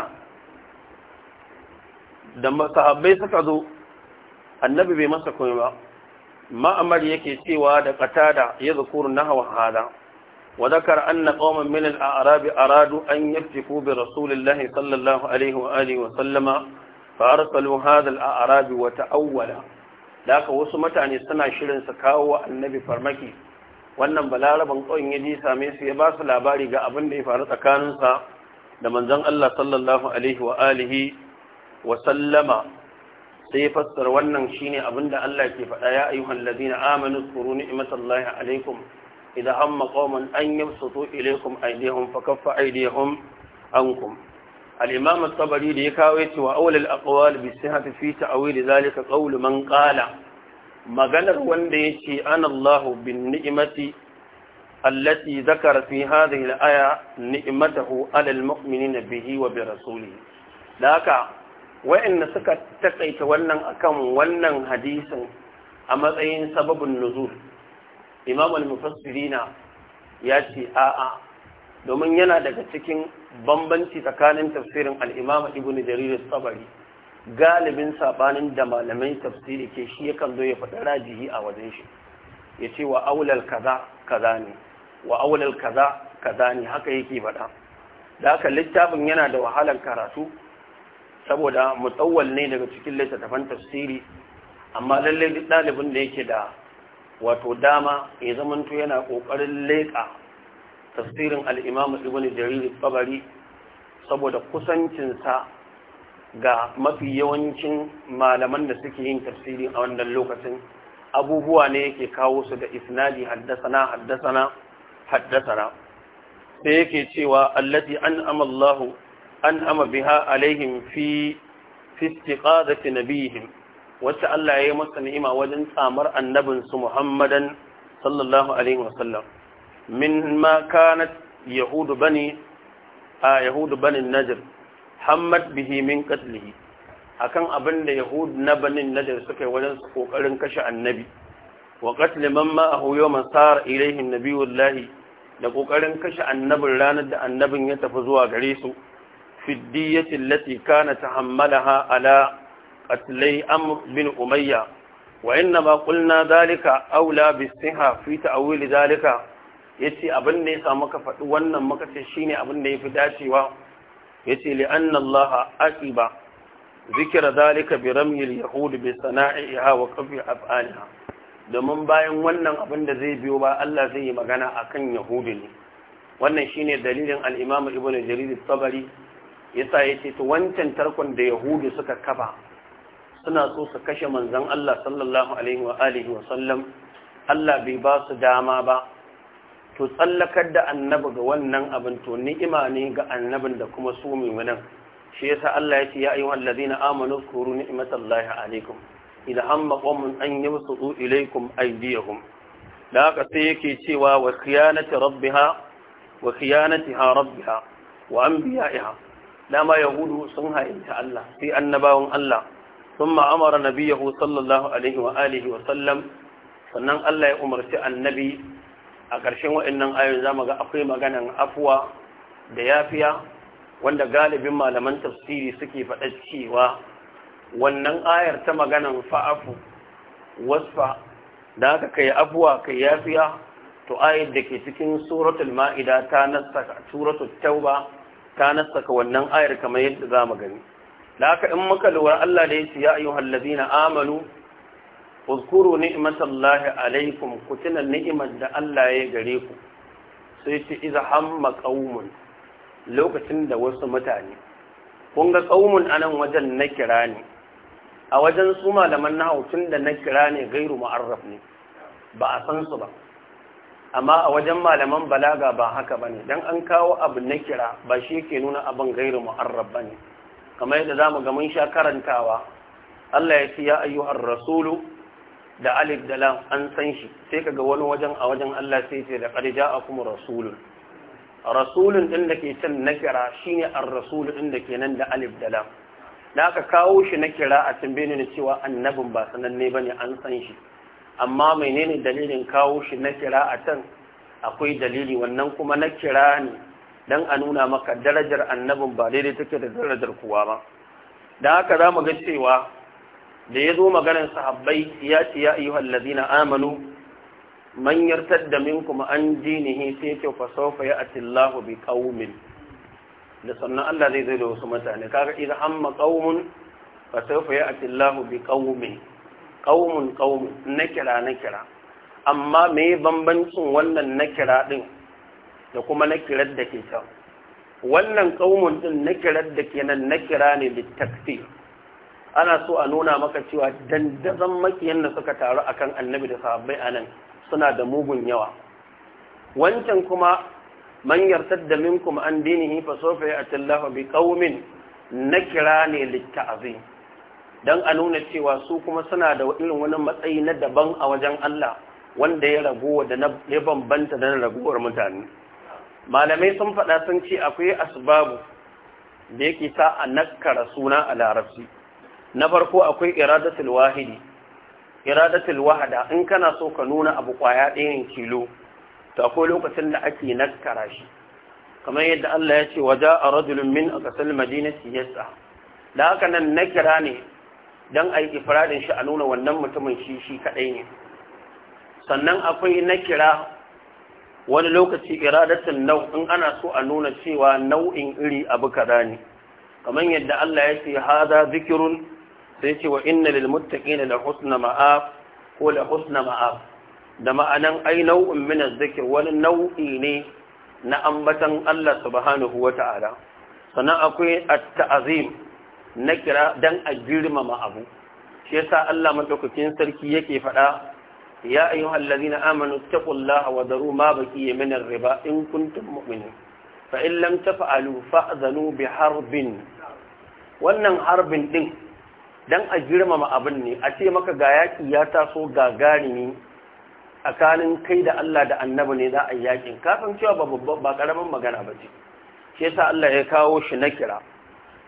da sahabbai suka zo annabi bai masa komai ba ma'amar yake cewa da ƙatada ya zukuru na hada wa zakara anna qauman a al aradu an yafki bi rasulillahi sallallahu alaihi wa alihi wa sallama fa arsalu hadha al wata awwala. Da aka wasu mutane suna shirin su kawo annabi farmaki wannan balaraban ƙauyen ya ji same su ya ba su labari ga abin da ya faru tsakaninsa da manzon Allah sallallahu alaihi wa alihi wa sallama sai fassara wannan shine abinda Allah ke faɗa ya ayyuhal ladina amanu zkuru ni'matallahi alaikum idza hamma qauman an yabsutu ilaykum aydihim fakaffa aydihim ankum al-imam at-tabari da ya kawo yace wa awwal al-aqwal bi sihhati fi ta'wil zalika qawlu man qala maganar wanda yace ana Allahu bin ni'mati allati zakara fi hadhihi al-aya ni'matahu alal muminina bihi wa bi rasulihi da haka Wa'inda suka taƙaita wannan akan wannan hadisin a matsayin sababin nuzul imam al-mufassirina ya ce a'a domin yana daga cikin bambanci tsakanin tafsirin al-imam ibn jarir sabari galibin sabanin da malamai tafsiri ke shi yakan zo ya faɗi rajihi a wajen shi ya ce wa aulal kaza kaza ne wa aulal kaza kaza ne haka yake faɗa da haka littafin yana da wahalar karatu saboda mutsawwal ne daga cikin littattafan tafsiri amma lallai duk ɗalibin da yake da wato dama ya zamanto yana ƙoƙarin leka tafsirin al-Imam ibn jariri tabari saboda kusancinsa ga mafi yawancin malaman da suke yin tafsiri a wannan lokacin abubuwa ne yake kawo su da isnadi haddathana haddathana haddasana sai yake cewa allati an amallahu an'ama biha alaihim fi fi nabihim wacce Allah ya yi masa ni'ima wajen tsamar annabinsu su Muhammadan sallallahu alaihi wasallam min ma kanat yahudu bani a yahudu bani najr hammat bihi min qatlihi akan abin da na banin nadir suka yi wajen su kokarin kashe annabi wa qatl man ma'ahu yawman sar ilayhi nabiyullahi da kokarin kashe annabin ranar da annabin ya tafi zuwa gare su في الدية التي كان تحملها على قتلي أمر بن أمية وإنما قلنا ذلك أولى بالصحة في تأويل ذلك يتي أبن نيسا مكفت وانا مكتشيني أبن نيف داشي و يتي لأن الله أكبا ذكر ذلك برمي اليهود بصناعها وقف أفعالها domin bayan wannan abin da zai biyo ba Allah zai yi magana akan yahudi ne wannan shine dalilin al-Imam Ibn Jarir al-Tabari yasa yace ce to wancan tarkon da yahudu suka kafa suna so su kashe manzon Allah sallallahu alaihi wa alihi wa sallam Allah bai ba su dama ba to tsallakar da annabi ga wannan abin to ni'ima ne ga annabin da kuma su mu'minin shi yasa Allah ya ce ya ayyuhal ladina amanu kuru ni'matallahi alaikum idan hamma qawmun an yabsutu ilaykum aydiyahum da haka sai yake cewa wa khiyanati rabbiha wa khiyanatiha rabbiha wa anbiya'iha dama yahudu sun harinta Allah sai annabawan Allah Sun أمر sallallahu alaihi wa alihi wa sallam sannan Allah ya umarci annabi a ƙarshen waɗannan ayoyin za mu ga akwai maganan afuwa da yafiya wanda galibin malaman tafsiri suke faɗa cewa wannan ayar ta maganan fa'afu wasfa da aka kai afuwa kai yafiya to ayar da ke cikin suratul ma'ida ta nasta suratul tauba ta nasaka wannan ayar kamar yadda za mu gani da haka in muka lura Allah da yace ya ayyuhal ladina amanu uzkuru ni'matallahi alaikum ku tuna ni'imar da Allah ya gare ku sai ce iza hamma qaumun lokacin da wasu mutane kun ga qaumun anan wajen na kira ne a wajen su malaman nahawu tun da na kira ne gairu mu'arraf ne ba a san su ba amma a wajen malaman balaga ba haka bane dan an kawo abu na kira ba shi yake nuna abin gairu mu'arrab bane kamar yadda zamu ga mun sha karantawa Allah ya ce ya ayyuhar rasulu da alif da lam an san shi sai kaga wani wajen a wajen Allah sai ce da qad ja'akum rasulun rasulun din da ke can na kira shine ar-rasul din da ke nan da alif da lam da aka kawo shi na kira a tambayeni ne cewa annabin ba sananne bane an san shi amma menene dalilin kawo shi na kira a can akwai dalili wannan kuma na kira ne don a nuna maka darajar annabin ba daidai take da darajar kuwa ba don haka za mu ga cewa da ya zo maganar sahabbai ya ce ya iya allazina amanu man yartadda minkum an dinihi sai ce fa ya ati Allahu bi qaumin da sannan Allah zai zo da wasu mutane kaga idan amma qaumun fa ya ati Allahu bi qaumin ƙaumun ƙaumun na kira na kira amma me bambancin wannan na kira ɗin da kuma na kirar da ke can wannan ƙaumun ɗin na kirar da ke nan na kira ne littafi ana so a nuna maka cewa dandazon makiyan da suka taru akan annabi da sahabbai a nan suna da mugun yawa wancan kuma man yartadda minkum an dinihi fa sawfa ya'ti Allahu bi qaumin nakira ne litta'zim don a nuna cewa su kuma suna da irin wani matsayi na daban a wajen Allah wanda ya ragowa da ya bambanta da na ragowar mutane malamai sun faɗa sun ce akwai asbabu da yake sa a nakkara suna a larabci na farko akwai iradatul wahidi iradatul wahada in kana so ka nuna abu kwaya ɗayan kilo to akwai lokacin da ake nakkara shi kamar yadda Allah ya ce waja a rajulun min a kasar madinati yasa da haka nan nakira ne don a yi ifradin shi a nuna wannan mutumin shi shi kaɗai ne sannan akwai na kira wani lokaci iradatin nau in ana so a nuna cewa nau'in iri abu kaza ne kamar yadda Allah ya ce hada zikirun sai ce wa inna lil muttaqina la husna ma'af ko la husna ma'af da ma'anan ai nau'in min zikir wani nau'i ne na ambatan Allah subhanahu wata'ala sannan akwai at-ta'zim na kira dan a girmama abu shi yasa Allah madaukakin sarki yake faɗa ya ayyuhal ladina amanu taqullaha wa daru ma baqiya min ar-riba in kuntum mu'minin fa in lam taf'alu fa'zanu bi harbin wannan harbin din dan a girmama abin ne a ce maka ga yaki ya taso gagarimi tsakanin kai da Allah da annabi ne za a yi yakin kafin cewa ba babban ba karamin magana ba ce shi yasa Allah ya kawo shi na kira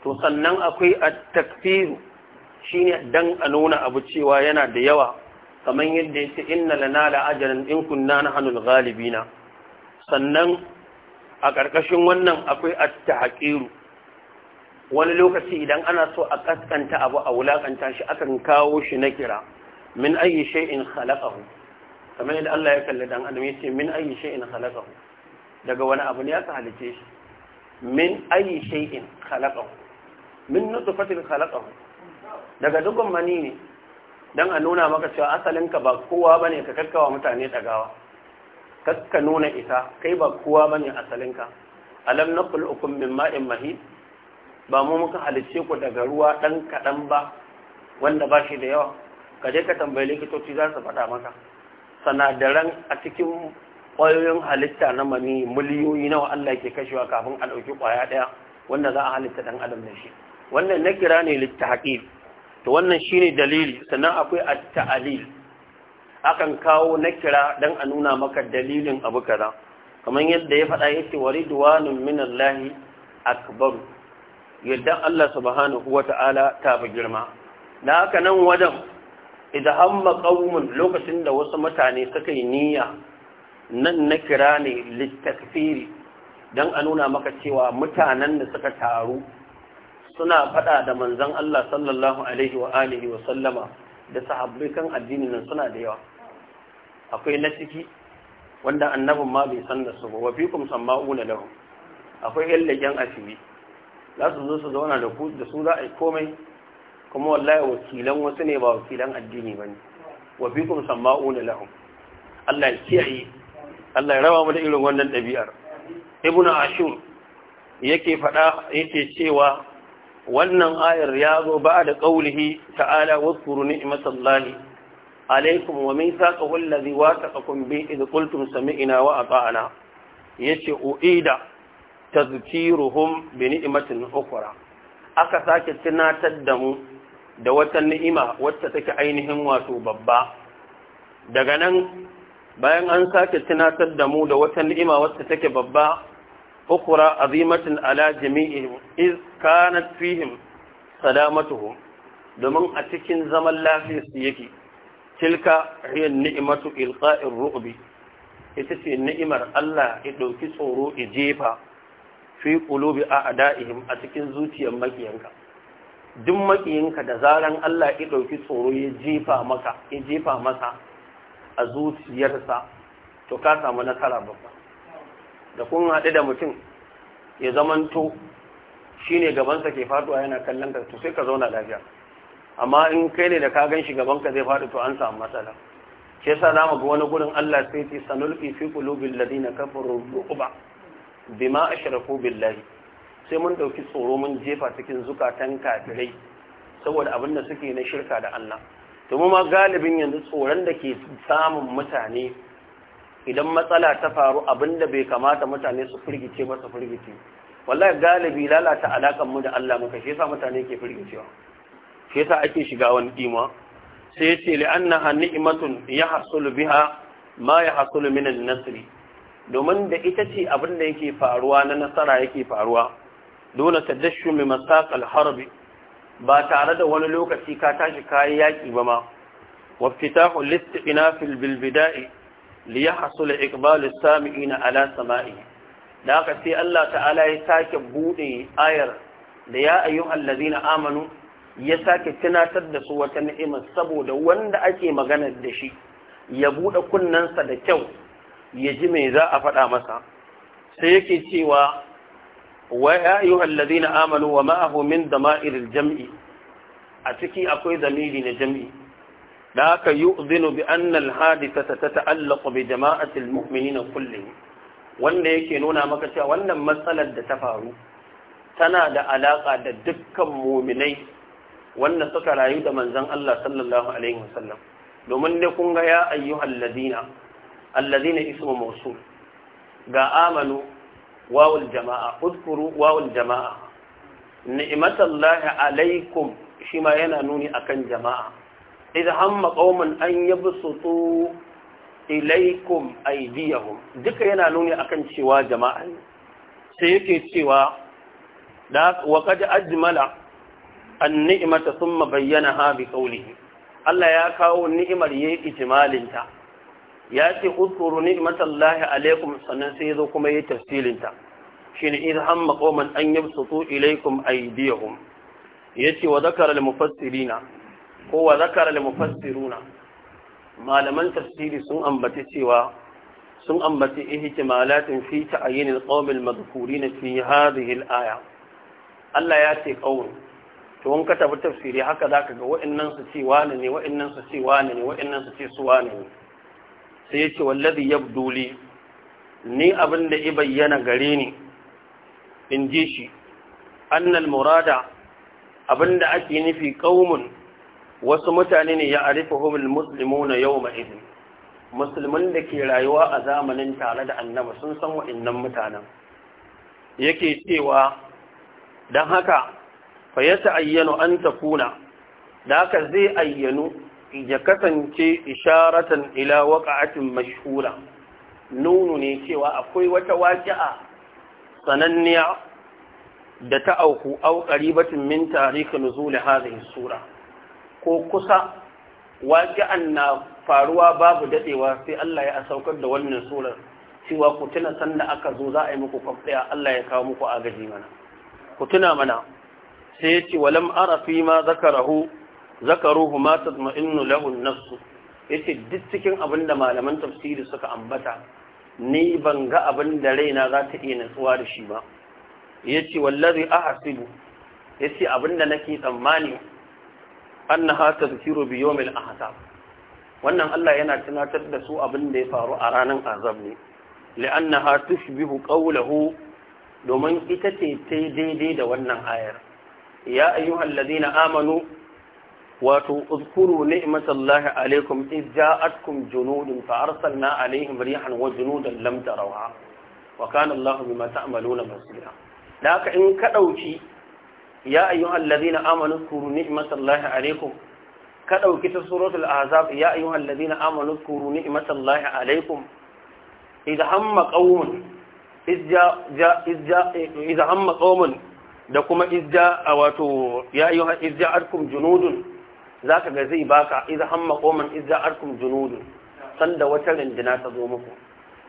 to sannan akwai at-takfiru shine dan a nuna abu cewa yana da yawa kamar yadda yake inna lana la ajran in kunna nahnu al-ghalibina sannan a ƙarƙashin wannan akwai at tahakiru. wani lokaci idan ana so a kaskanta abu a wulakanta shi akan kawo shi na kira min ayi shay'in khalaqahu kamar yadda Allah ya kalli dan adam yace min ayi shay'in khalaqahu daga wani abu ne ya halice shi min ayi shay'in khalaqahu min nutfatin khalaqahu daga dukkan mani ne dan a nuna maka cewa asalin ka ba kowa bane ka kakkawa mutane dagawa kaka nuna ita kai ba kowa bane asalin ka alam nakhluqukum min ma'in mahid ba mu muka halice ku daga ruwa dan kadan ba wanda ba shi da yawa ka je ka tambayi likitoci za su faɗa maka sanadaran a cikin ƙwayoyin halitta na mani miliyoyi nawa Allah ke kashewa kafin a ɗauki ƙwaya ɗaya wanda za a halitta dan adam da shi wannan na kira ne littahaqil to wannan shi ne dalili sannan akwai a ta’alil akan kawo na kira don a nuna maka dalilin abu kaza kamar yadda ya faɗa yace waridwanun minallahi akbaru. yadda Allah subhanahu Ta'ala ta fi girma da haka nan wajen idan hamma qaumun lokacin da wasu mutane suka yi niyya nan na kira ne littakfiri don a nuna maka cewa mutanen da suka taru suna faɗa da manzon Allah sallallahu alaihi wa alihi wa sallama da sahabbai kan addini nan suna da yawa akwai na ciki wanda annabin ma bai san da su ba wafikum sama'una lahum akwai yan legen za su zo su zauna da ku da su za a yi komai kuma wallahi wakilan wasu ne ba wakilan addini ba ne wafikum sama'una lahum Allah ya kiyaye Allah ya raba mu da irin wannan ɗabi'ar ibnu ashur yake faɗa yake cewa wannan ayar ya zo ba da ƙaunihi Ala, wasu ni'imatallahi alaikum wa min saƙa wallazi wa taƙakun bi idu kultum ina wa ata'ana ya ce u'ida ta ruhun bi ni'imatin ukura aka sake tunatar da mu da wata ni'ima wacce take ainihin wato babba daga nan bayan an sake tunatar da mu da wata ni'ima wacce take babba ukura azimatin ala jami'ihim iz kanat fihim salamatuhum domin a cikin zaman lafiyar su yake tilka hiya ni'matu ilqa'ir ru'bi ita ce ni'imar Allah ya dauki tsoro ya jefa fi qulubi a'da'ihim a cikin zuciyar makiyanka duk makiyinka da zaran Allah ya dauki tsoro ya jefa maka a zuciyarsa to ka samu nasara babba da kun haɗe da mutum ya zamanto shi ne gabansa ke faɗuwa yana kallon ka to sai ka zauna lafiya amma in kai ne da ka gan shi ka zai faɗi to an samu matsala Ke sa za mu ga wani gurin Allah sai ce sanulfi fi qulubil ladina kafaru ru'ba bima ashraku billahi sai mun dauki tsoro mun jefa cikin zukatan kafirai saboda abin da suke na shirka da Allah to mu ma galibin yanzu tsoron da ke samun mutane idan matsala ta faru abinda bai kamata mutane su firgice ba su firgice wallahi galibi lalata alakan mu da Allah muka shi yasa mutane ke firgicewa shi yasa ake shiga wani dima sai yace li annaha ni'matun yahsulu biha ma yahsulu min an-nasri domin da ita ce abinda yake faruwa na nasara yake faruwa dole mai masaqal harbi ba tare da wani lokaci ka tashi kayi yaki ba ma waftitahu listiqna fil bilbida'i li yahsul iqbalu sami'ina ala sama'i da haka sai Allah ta'ala ya sake bude ayar da ya ayyuhal ladina amanu ya sake tunatar da su wata ni'ima saboda wanda ake magana da shi ya bude kunnansa da kyau ya ji me za a faɗa masa sai yake cewa wa ya ayyuhal ladina amanu wa ma'ahu min dama'iril jam'i a ciki akwai zamiri na jam'i da ka yu'zinu bi anna ta ta tata'allaqu bi jama'ati muminina kullum wanda yake nuna maka cewa wannan matsalar da ta faru tana da alaka da dukkan mu'minai wanda suka rayu da manzon Allah sallallahu alaihi wasallam domin ne kun ga ya ayyuhal ladina alladina ismu mawsul ga amanu wawul jama'a udkuru wawul jama'a ni'matallahi alaikum shi ma yana nuni akan jama'a idh hamma qauman an yabsutu ilaikum aydiyahum duka yana nuni kan cewa jama'a sai yake cewa da wa qad ajmala an-ni'mata thumma bayyanaha bi qawlihi Allah ya kawo ni'imar yayi ijmalinta ya ce uzkuru ni'matallahi alaikum sannan sai yazo kuma yayi tafsilinta shine idh hamma qauman an yabsutu ilaikum aydiyahum yace wa dhakara al-mufassirina ko wa zakara li mufassiruna malaman tafsiri sun ambaci cewa sun ambaci ihtimalatin fi ta'yin al-qawm al-madhkurin fi hadhihi al-aya Allah ya ce qawm to in ka tafi tafsiri haka zaka ga wa'annan su ce wani ne wa'annan su ce wani ne wa'annan su ce su wani ne sai yace wallazi yabdu li ni abin da i bayyana gare ni in ji shi annal murada abin da ake nufi qaumun wasu mutane ne ya arifuhum almuslimuna yau idin musulmin da ke rayuwa a zamanin tare da annaba sun san waɗannan mutanen yake cewa don haka fa ya ta'ayyano an tafuna da haka zai ayyanu ya kasance isharatan ila waqa'atin mashhura nunu ne cewa akwai wata waƙi'a sananniya da ta auku auƙari qaribatin min tarihi nuzul hadhihi sura ko kusa waƙi'an na faruwa babu daɗewa sai Allah ya saukar da wannan surar cewa ku tuna sanda aka zo za a yi muku kwafɗaya Allah ya kawo muku agaji mana ku tuna mana sai ya ce walam arafi ma zakarahu zakaruhu ma tatma'innu lahu nafsu yace duk cikin abin da malaman tafsiri suka ambata ni ban ga abin da raina za ta iya natsuwa da shi ba yace wallazi ahasibu yace abin da nake tsammani annaha tadhkiru bi yawmil ahzab wannan Allah yana tunatar da su abin da ya faru a ranar azab ne li'annaha tushbihu qawluhu domin ita ce ta daidai da wannan ayar ya ayyuhal ladina amanu wato uzkuru ni'matallahi alaikum iz ja'atkum junudun fa arsalna alaihim rihan wa junudan lam tarawha wa kana Allahu bima ta'maluna basira da haka in ka dauki ya ayyuhal ladina amanu kuru ni'matallahi alaikum ka dauki ta suratul ahzab ya ayyuhal ladina amanu kuru ni'matallahi alaikum idza hamma qaumun idza hamma qaumun da kuma izja wato ya ayyuha izja arkum junudun zaka ga zai baka idza hamma qaumun izja arkum junudun sanda wata rindina ta zo muku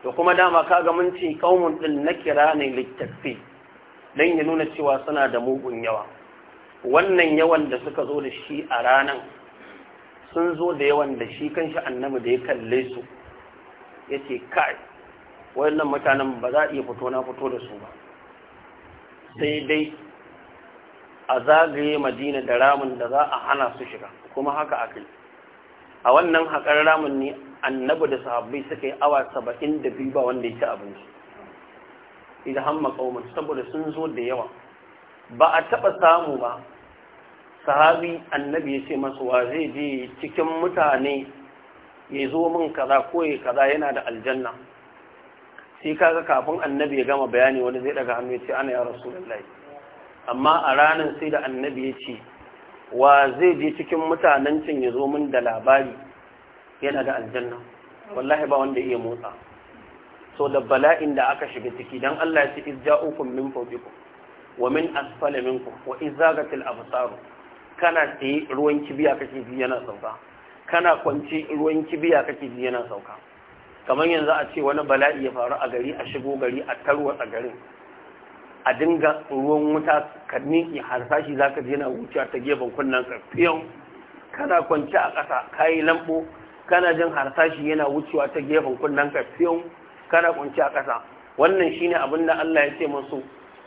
to kuma dama kaga mun ce qaumun din na kira ne littafi don ya nuna cewa suna da mugun yawa wannan yawan da suka zo da shi a ranan sun zo da yawan da shi kanshi annabi da ya kalle su ya ce kai wannan mutanen ba za a iya fito na fito da su ba sai dai a zagaye madina da ramin da za a hana su shiga kuma haka aka a wannan haƙar ramin ne annabi da sahabbai suka yi awa saba'in da biyu ba wanda ya ci abinci idan hamma qaumun saboda sun zo da yawa ba a taba samu ba sahabi annabi ya ce masu wa zai je cikin mutane ya zo min kaza ko ya kaza yana da aljanna sai kaga kafin annabi ya gama bayani wani zai daga hannu ya ce ana ya rasulullahi amma a ranar sai da annabi ya ce wa zai je cikin mutanen cin ya zo min da labari yana da aljanna wallahi ba wanda iya motsa so da bala'in da aka shiga ciki dan Allah ya ce izja'ukum min fawqikum wa min asfali minkum wa izagatil absar kana tsaye ruwan kibiya kake ji yana sauka kana kwance ruwan kibiya kake ji yana sauka kamar yanzu a ce wani bala'i ya faru a gari a shigo gari a a garin a dinga ruwan wuta ka niki harsashi za ka yana wuciya ta gefen kunnen karfiyan kana kwanci a ƙasa kayi lambo kana jin harsashi yana wucewa ta gefen kunnen fiyon kana kunci a ƙasa wannan shine abin da Allah ya ce musu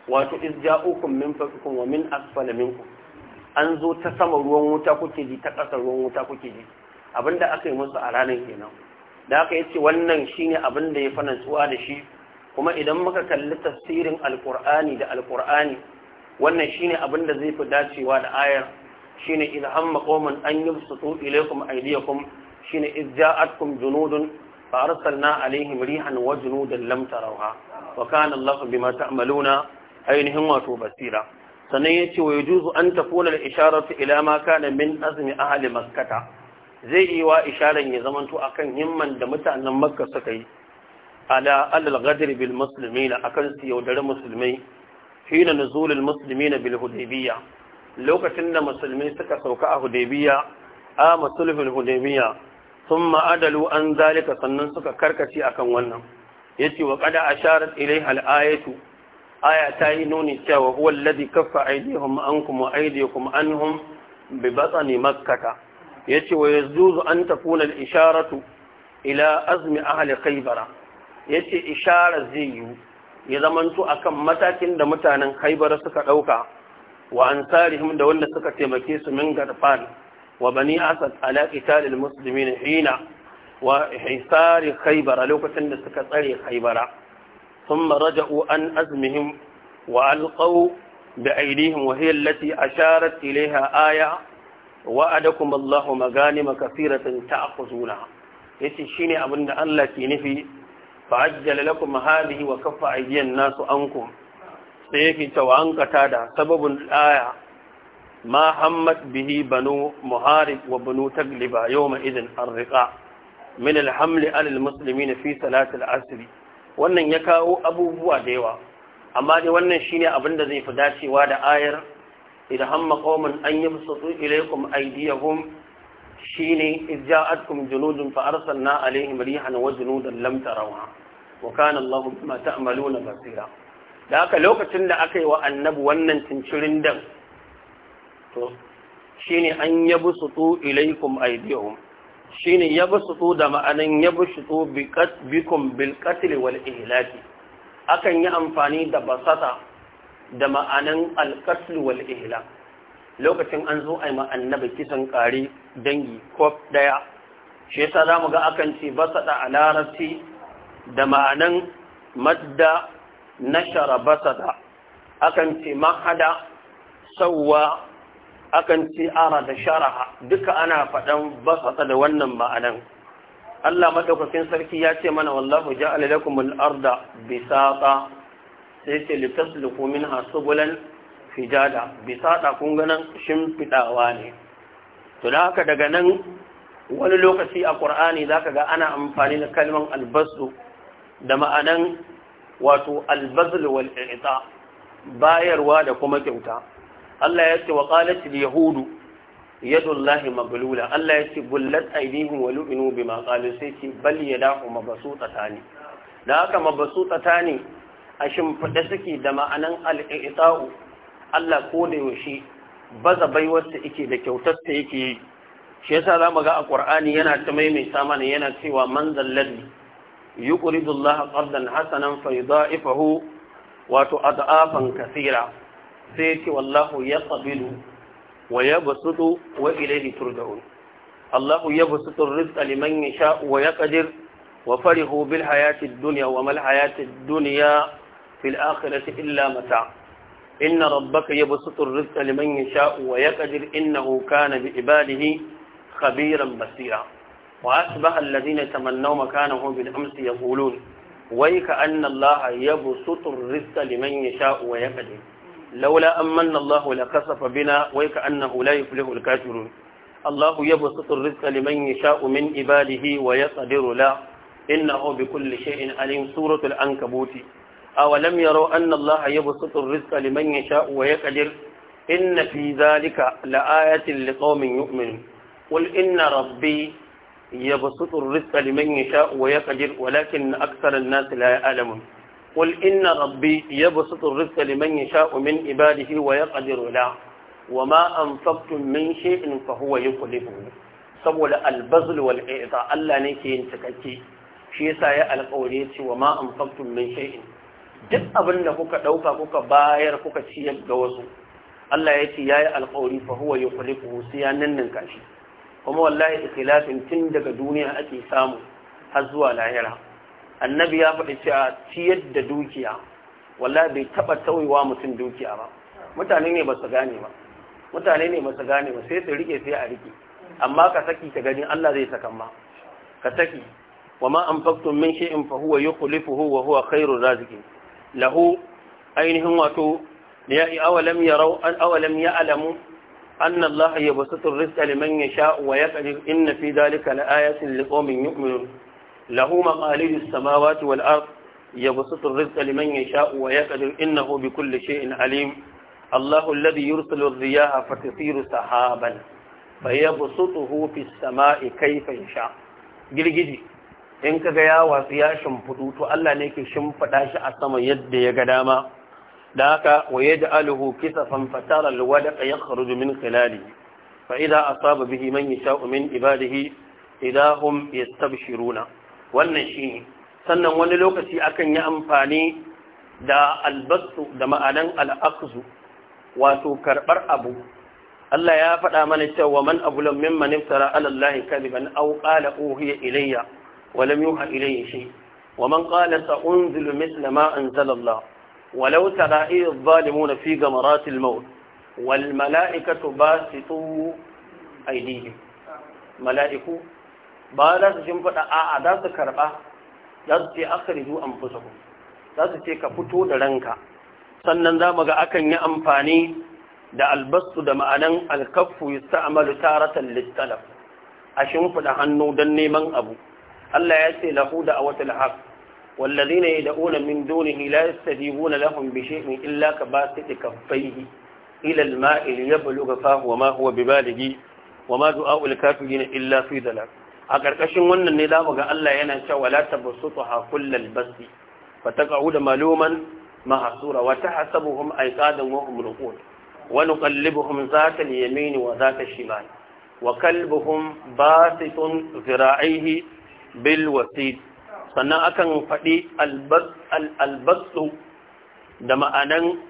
wato iz ja'ukum min faqikum wa min asfala minkum an zo ta sama ruwan wuta kuke ji ta ƙasa ruwan wuta kuke ji abin da aka yi musu a ranar kenan da aka yi ce wannan shine abin da ya fana tsuwa da shi kuma idan muka kalli tafsirin alkur'ani da alkur'ani wannan shine abin da zai fi dacewa da ayar shine idh hamma qauman an yabsutu ilaykum aydiyakum shine idh ja'atkum junudun فأرسلنا عليهم ريحا وجنودا لم تروها وكان الله بما تعملون عينهم وتبصيرا سنيتي ويجوز أن تكون الإشارة إلى ما كان من أزم أهل مكة زي وإشارة يزمن أكن هما دمتا أن مكة سكي على الغدر بالمسلمين أكن سيودر مسلمين حين نزول المسلمين بالهديبية لو كتن مسلمين سكا سوكا هديبية آم سلف الهديبية sun ma'adalu an zalika sannan suka karkace akan wannan ya ce wa kada a sharar ilai al'ayatu aya ta yi nuni cewa huwa ladi kafa aidihum an kuma aidikum an hum bi batsani makkata ya ce wa ya zuzu an tafuna isharatu ila azmi ahli khaybara ya ce isharar zai yi ya zamanto akan matakin da mutanen haibara suka ɗauka wa ansarihim da wanda suka taimake su min garfan وبني أسد على قتال المسلمين حين وحصار خيبر لو كتن سكتري خيبر ثم رجعوا عن أزمهم وألقوا بأيديهم وهي التي أشارت إليها آية وعدكم الله مغانم كثيرة تأخذونها yace shine abin da Allah ke nufi fa'ajjala lakum hadhihi wa kaffa aydiyan nasu ankum sai yake cewa an kata da sababin aya ma bihi banu muharib wa banu tagliba yawma idin arriqa min alhamli alal muslimin fi wannan ya kawo abubuwa da yawa amma dai wannan shine abin da zai fi dacewa da ayar idan hamma qauman an yabsutu ilaykum aydiyahum shine ija'atkum junudun fa arsalna alaihim rihan wa junudan lam tarawha wa kana Allahu bima ta'maluna basira da haka lokacin da aka yi wa annabi wannan cincirin dan to shine an yabsutu ilaikum aydihum shine yabsutu da ma'anan yabsutu bikum bil qatl wal ihlak akan yi amfani da basata da ma'anan al qatl wal ihlak lokacin an zo ai annabi kisan kare dangi ko daya shi yasa zamu ga akan ce basata a larabci da ma'anan madda nashara basata akan ce mahada sawwa akan ce ara da sharaha duka ana faɗan basata da wannan ma'anan Allah madaukakin sarki ya ce mana wallahu ja lakum al-arda bisata sai ce minha subulan fijada bisata kun nan fitawa ne to da haka daga nan wani lokaci a Qur'ani zaka ga ana amfani da kalman albasu da ma'anan wato albazl wal i'ta bayarwa da kuma kyauta Allah ya ce wa qalat yahudu yadullahi maglula Allah ya ce gullat aydihim wa lu'inu bima qalu sai ce bal yadahu mabsutatani da haka mabsutatani a shimfiɗe suke da ma'anan al-i'ta'u Allah ko da yaushe baza baiwarsa yake da kyautarsa yake yi shi yasa za mu ga a ƙwar'ani yana ta maimaita mana yana cewa man zalladi yuqridu Allah qardan hasanan fa wato ad'afan kathira سيك والله يقبل ويبسط وإليه ترجعون الله يبسط الرزق لمن يشاء ويقدر وفرحوا بالحياة الدنيا وما الحياة الدنيا في الآخرة إلا متاع إن ربك يبسط الرزق لمن يشاء ويقدر إنه كان بإباده خبيرا بسيرا وأصبح الذين تمنوا مكانه بالأمس يقولون ويك أن الله يبسط الرزق لمن يشاء ويقدر لولا أمن الله لكسف بنا ويكأنه لا يفلح الكافرون الله يبسط الرزق لمن يشاء من عباده ويقدر له إنه بكل شيء عليم سورة العنكبوت أولم يروا أن الله يبسط الرزق لمن يشاء ويقدر إن في ذلك لآية لقوم يؤمنون قل إن ربي يبسط الرزق لمن يشاء ويقدر ولكن أكثر الناس لا يعلمون قل إن ربي يبسط الرزق لمن يشاء من عباده ويقدر له وما أنفقتم من شيء فهو يخلفه saboda albazul wal i'ta Allah ne ke yin cikakke shi yasa ya alƙawari ya ce wa ma anfaqtum min shay'in duk abin da kuka dauka kuka bayar kuka ciyar ga wasu Allah ya ce yayi alƙawari fa huwa yukhliquhu sai ya ninninka shi kuma wallahi ikhlafin tun daga duniya ake samu har zuwa lahira annabi ya faɗi cewa ciyar da dukiya wallahi bai taɓa tauyewa mutum dukiya ba mutane ne ba su gane ba mutane ne ba su gane ba sai su rike sai a rike amma ka saki ka gani Allah zai saka ma ka saki wa ma anfaqtum min shay'in fa huwa yukhlifuhu wa huwa khairur raziqin lahu ainihin wato ya yi awalam yarau an awalam ya'lamu أن الله يبسط الرزق لمن يشاء ويقدر إن في ذلك لآية لقوم يؤمنون lahu maqalidus samawati wal ard يبسط الرزق لمن يشاء ويقدر إنه بكل شيء عليم الله الذي يرسل الرياح فتصير سحابا فيبسطه في السماء كيف يشاء girgiji in ka ga ya wasu ya shimfiɗu to Allah ne ke shimfiɗa shi a sama yadda ya ga dama da haka wa yadda aluhu kisa fanfatara alwada ya kharuju min khilali fa idza asaba bihi man yasha'u min ibadihi idahum yastabshiruna wannan shine sannan wani lokaci akan yi amfani da albasu da ma'anan al'akzu wato karɓar abu Allah ya faɗa mana cewa man abu lam mimman iftara ala Allah kadiban aw qala ilayya wa yuha ilayya shay wa man qala sa unzilu mithla ma anzala Allah ولو ترى إذ الظالمون في غمرات الموت والملائكة باسطوا أيديهم Mala'iku. ba za su shimfiɗa a'a za su karɓa za su ce akhrijo an fusahu za su ce ka fito da ranka sannan zamu ga akan yi amfani da albasu da ma'anan alkaffu ya sa amalu taratan littalaf a shimfiɗa hannu don neman abu Allah ya ce lahu da a wata lahaf wallazi ne da ƙona min doni ila ya sadi gona lahun bishe in illa ka ba su ɗi kafai ila ya balu ga fahuwa ma huwa bibaligi wa ma du'a ulkafi illa fi a ƙarƙashin wannan ne zamu ga Allah yana cewa la tabsutuha kullal basti fataqa'uda maluman mahsura wa tahsabuhum ayqadan wa hum ruqud wa nuqallibuhum zata al-yamin wa zata al-shimal wa kalbuhum basitun zira'ihi bil wasid sannan akan faɗi albasu da ma'anan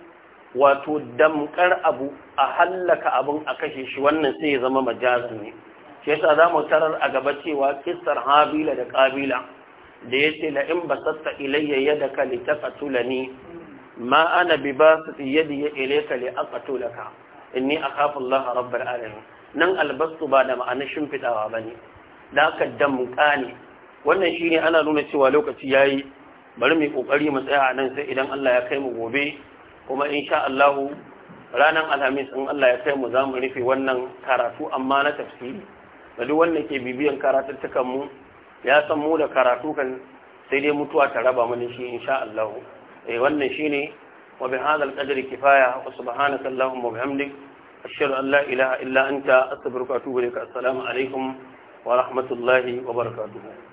wato damkar abu a hallaka abun a kashe shi wannan sai ya zama majazin ne shi yasa za mu tarar a gaba cewa kissar habila da kabila da ya ce la in basatta ilayya ka li taqtulani ma ana bi basati yadi ilayka li aqtulaka inni akhafu Allah rabbar alamin nan albasu ba da ma'anar ba bane da haka damka ne wannan shine ana nuna cewa lokaci yayi bari mu kokari mu tsaya a nan sai idan Allah ya kai mu gobe kuma insha Allah ranar alhamis in Allah ya kai mu za mu rufe wannan karatu amma na tafsiri da duk wanda ke bibiyan karatattukan mu ya san mu da karatu kan sai dai mutuwa ta raba mana shi insha Allah eh wannan shine wa bi hadha qadri kifaya wa subhanaka allahumma wa bihamdik ashhadu an la ilaha illa anta astaghfiruka wa atubu ilaik assalamu alaikum wa rahmatullahi wa barakatuh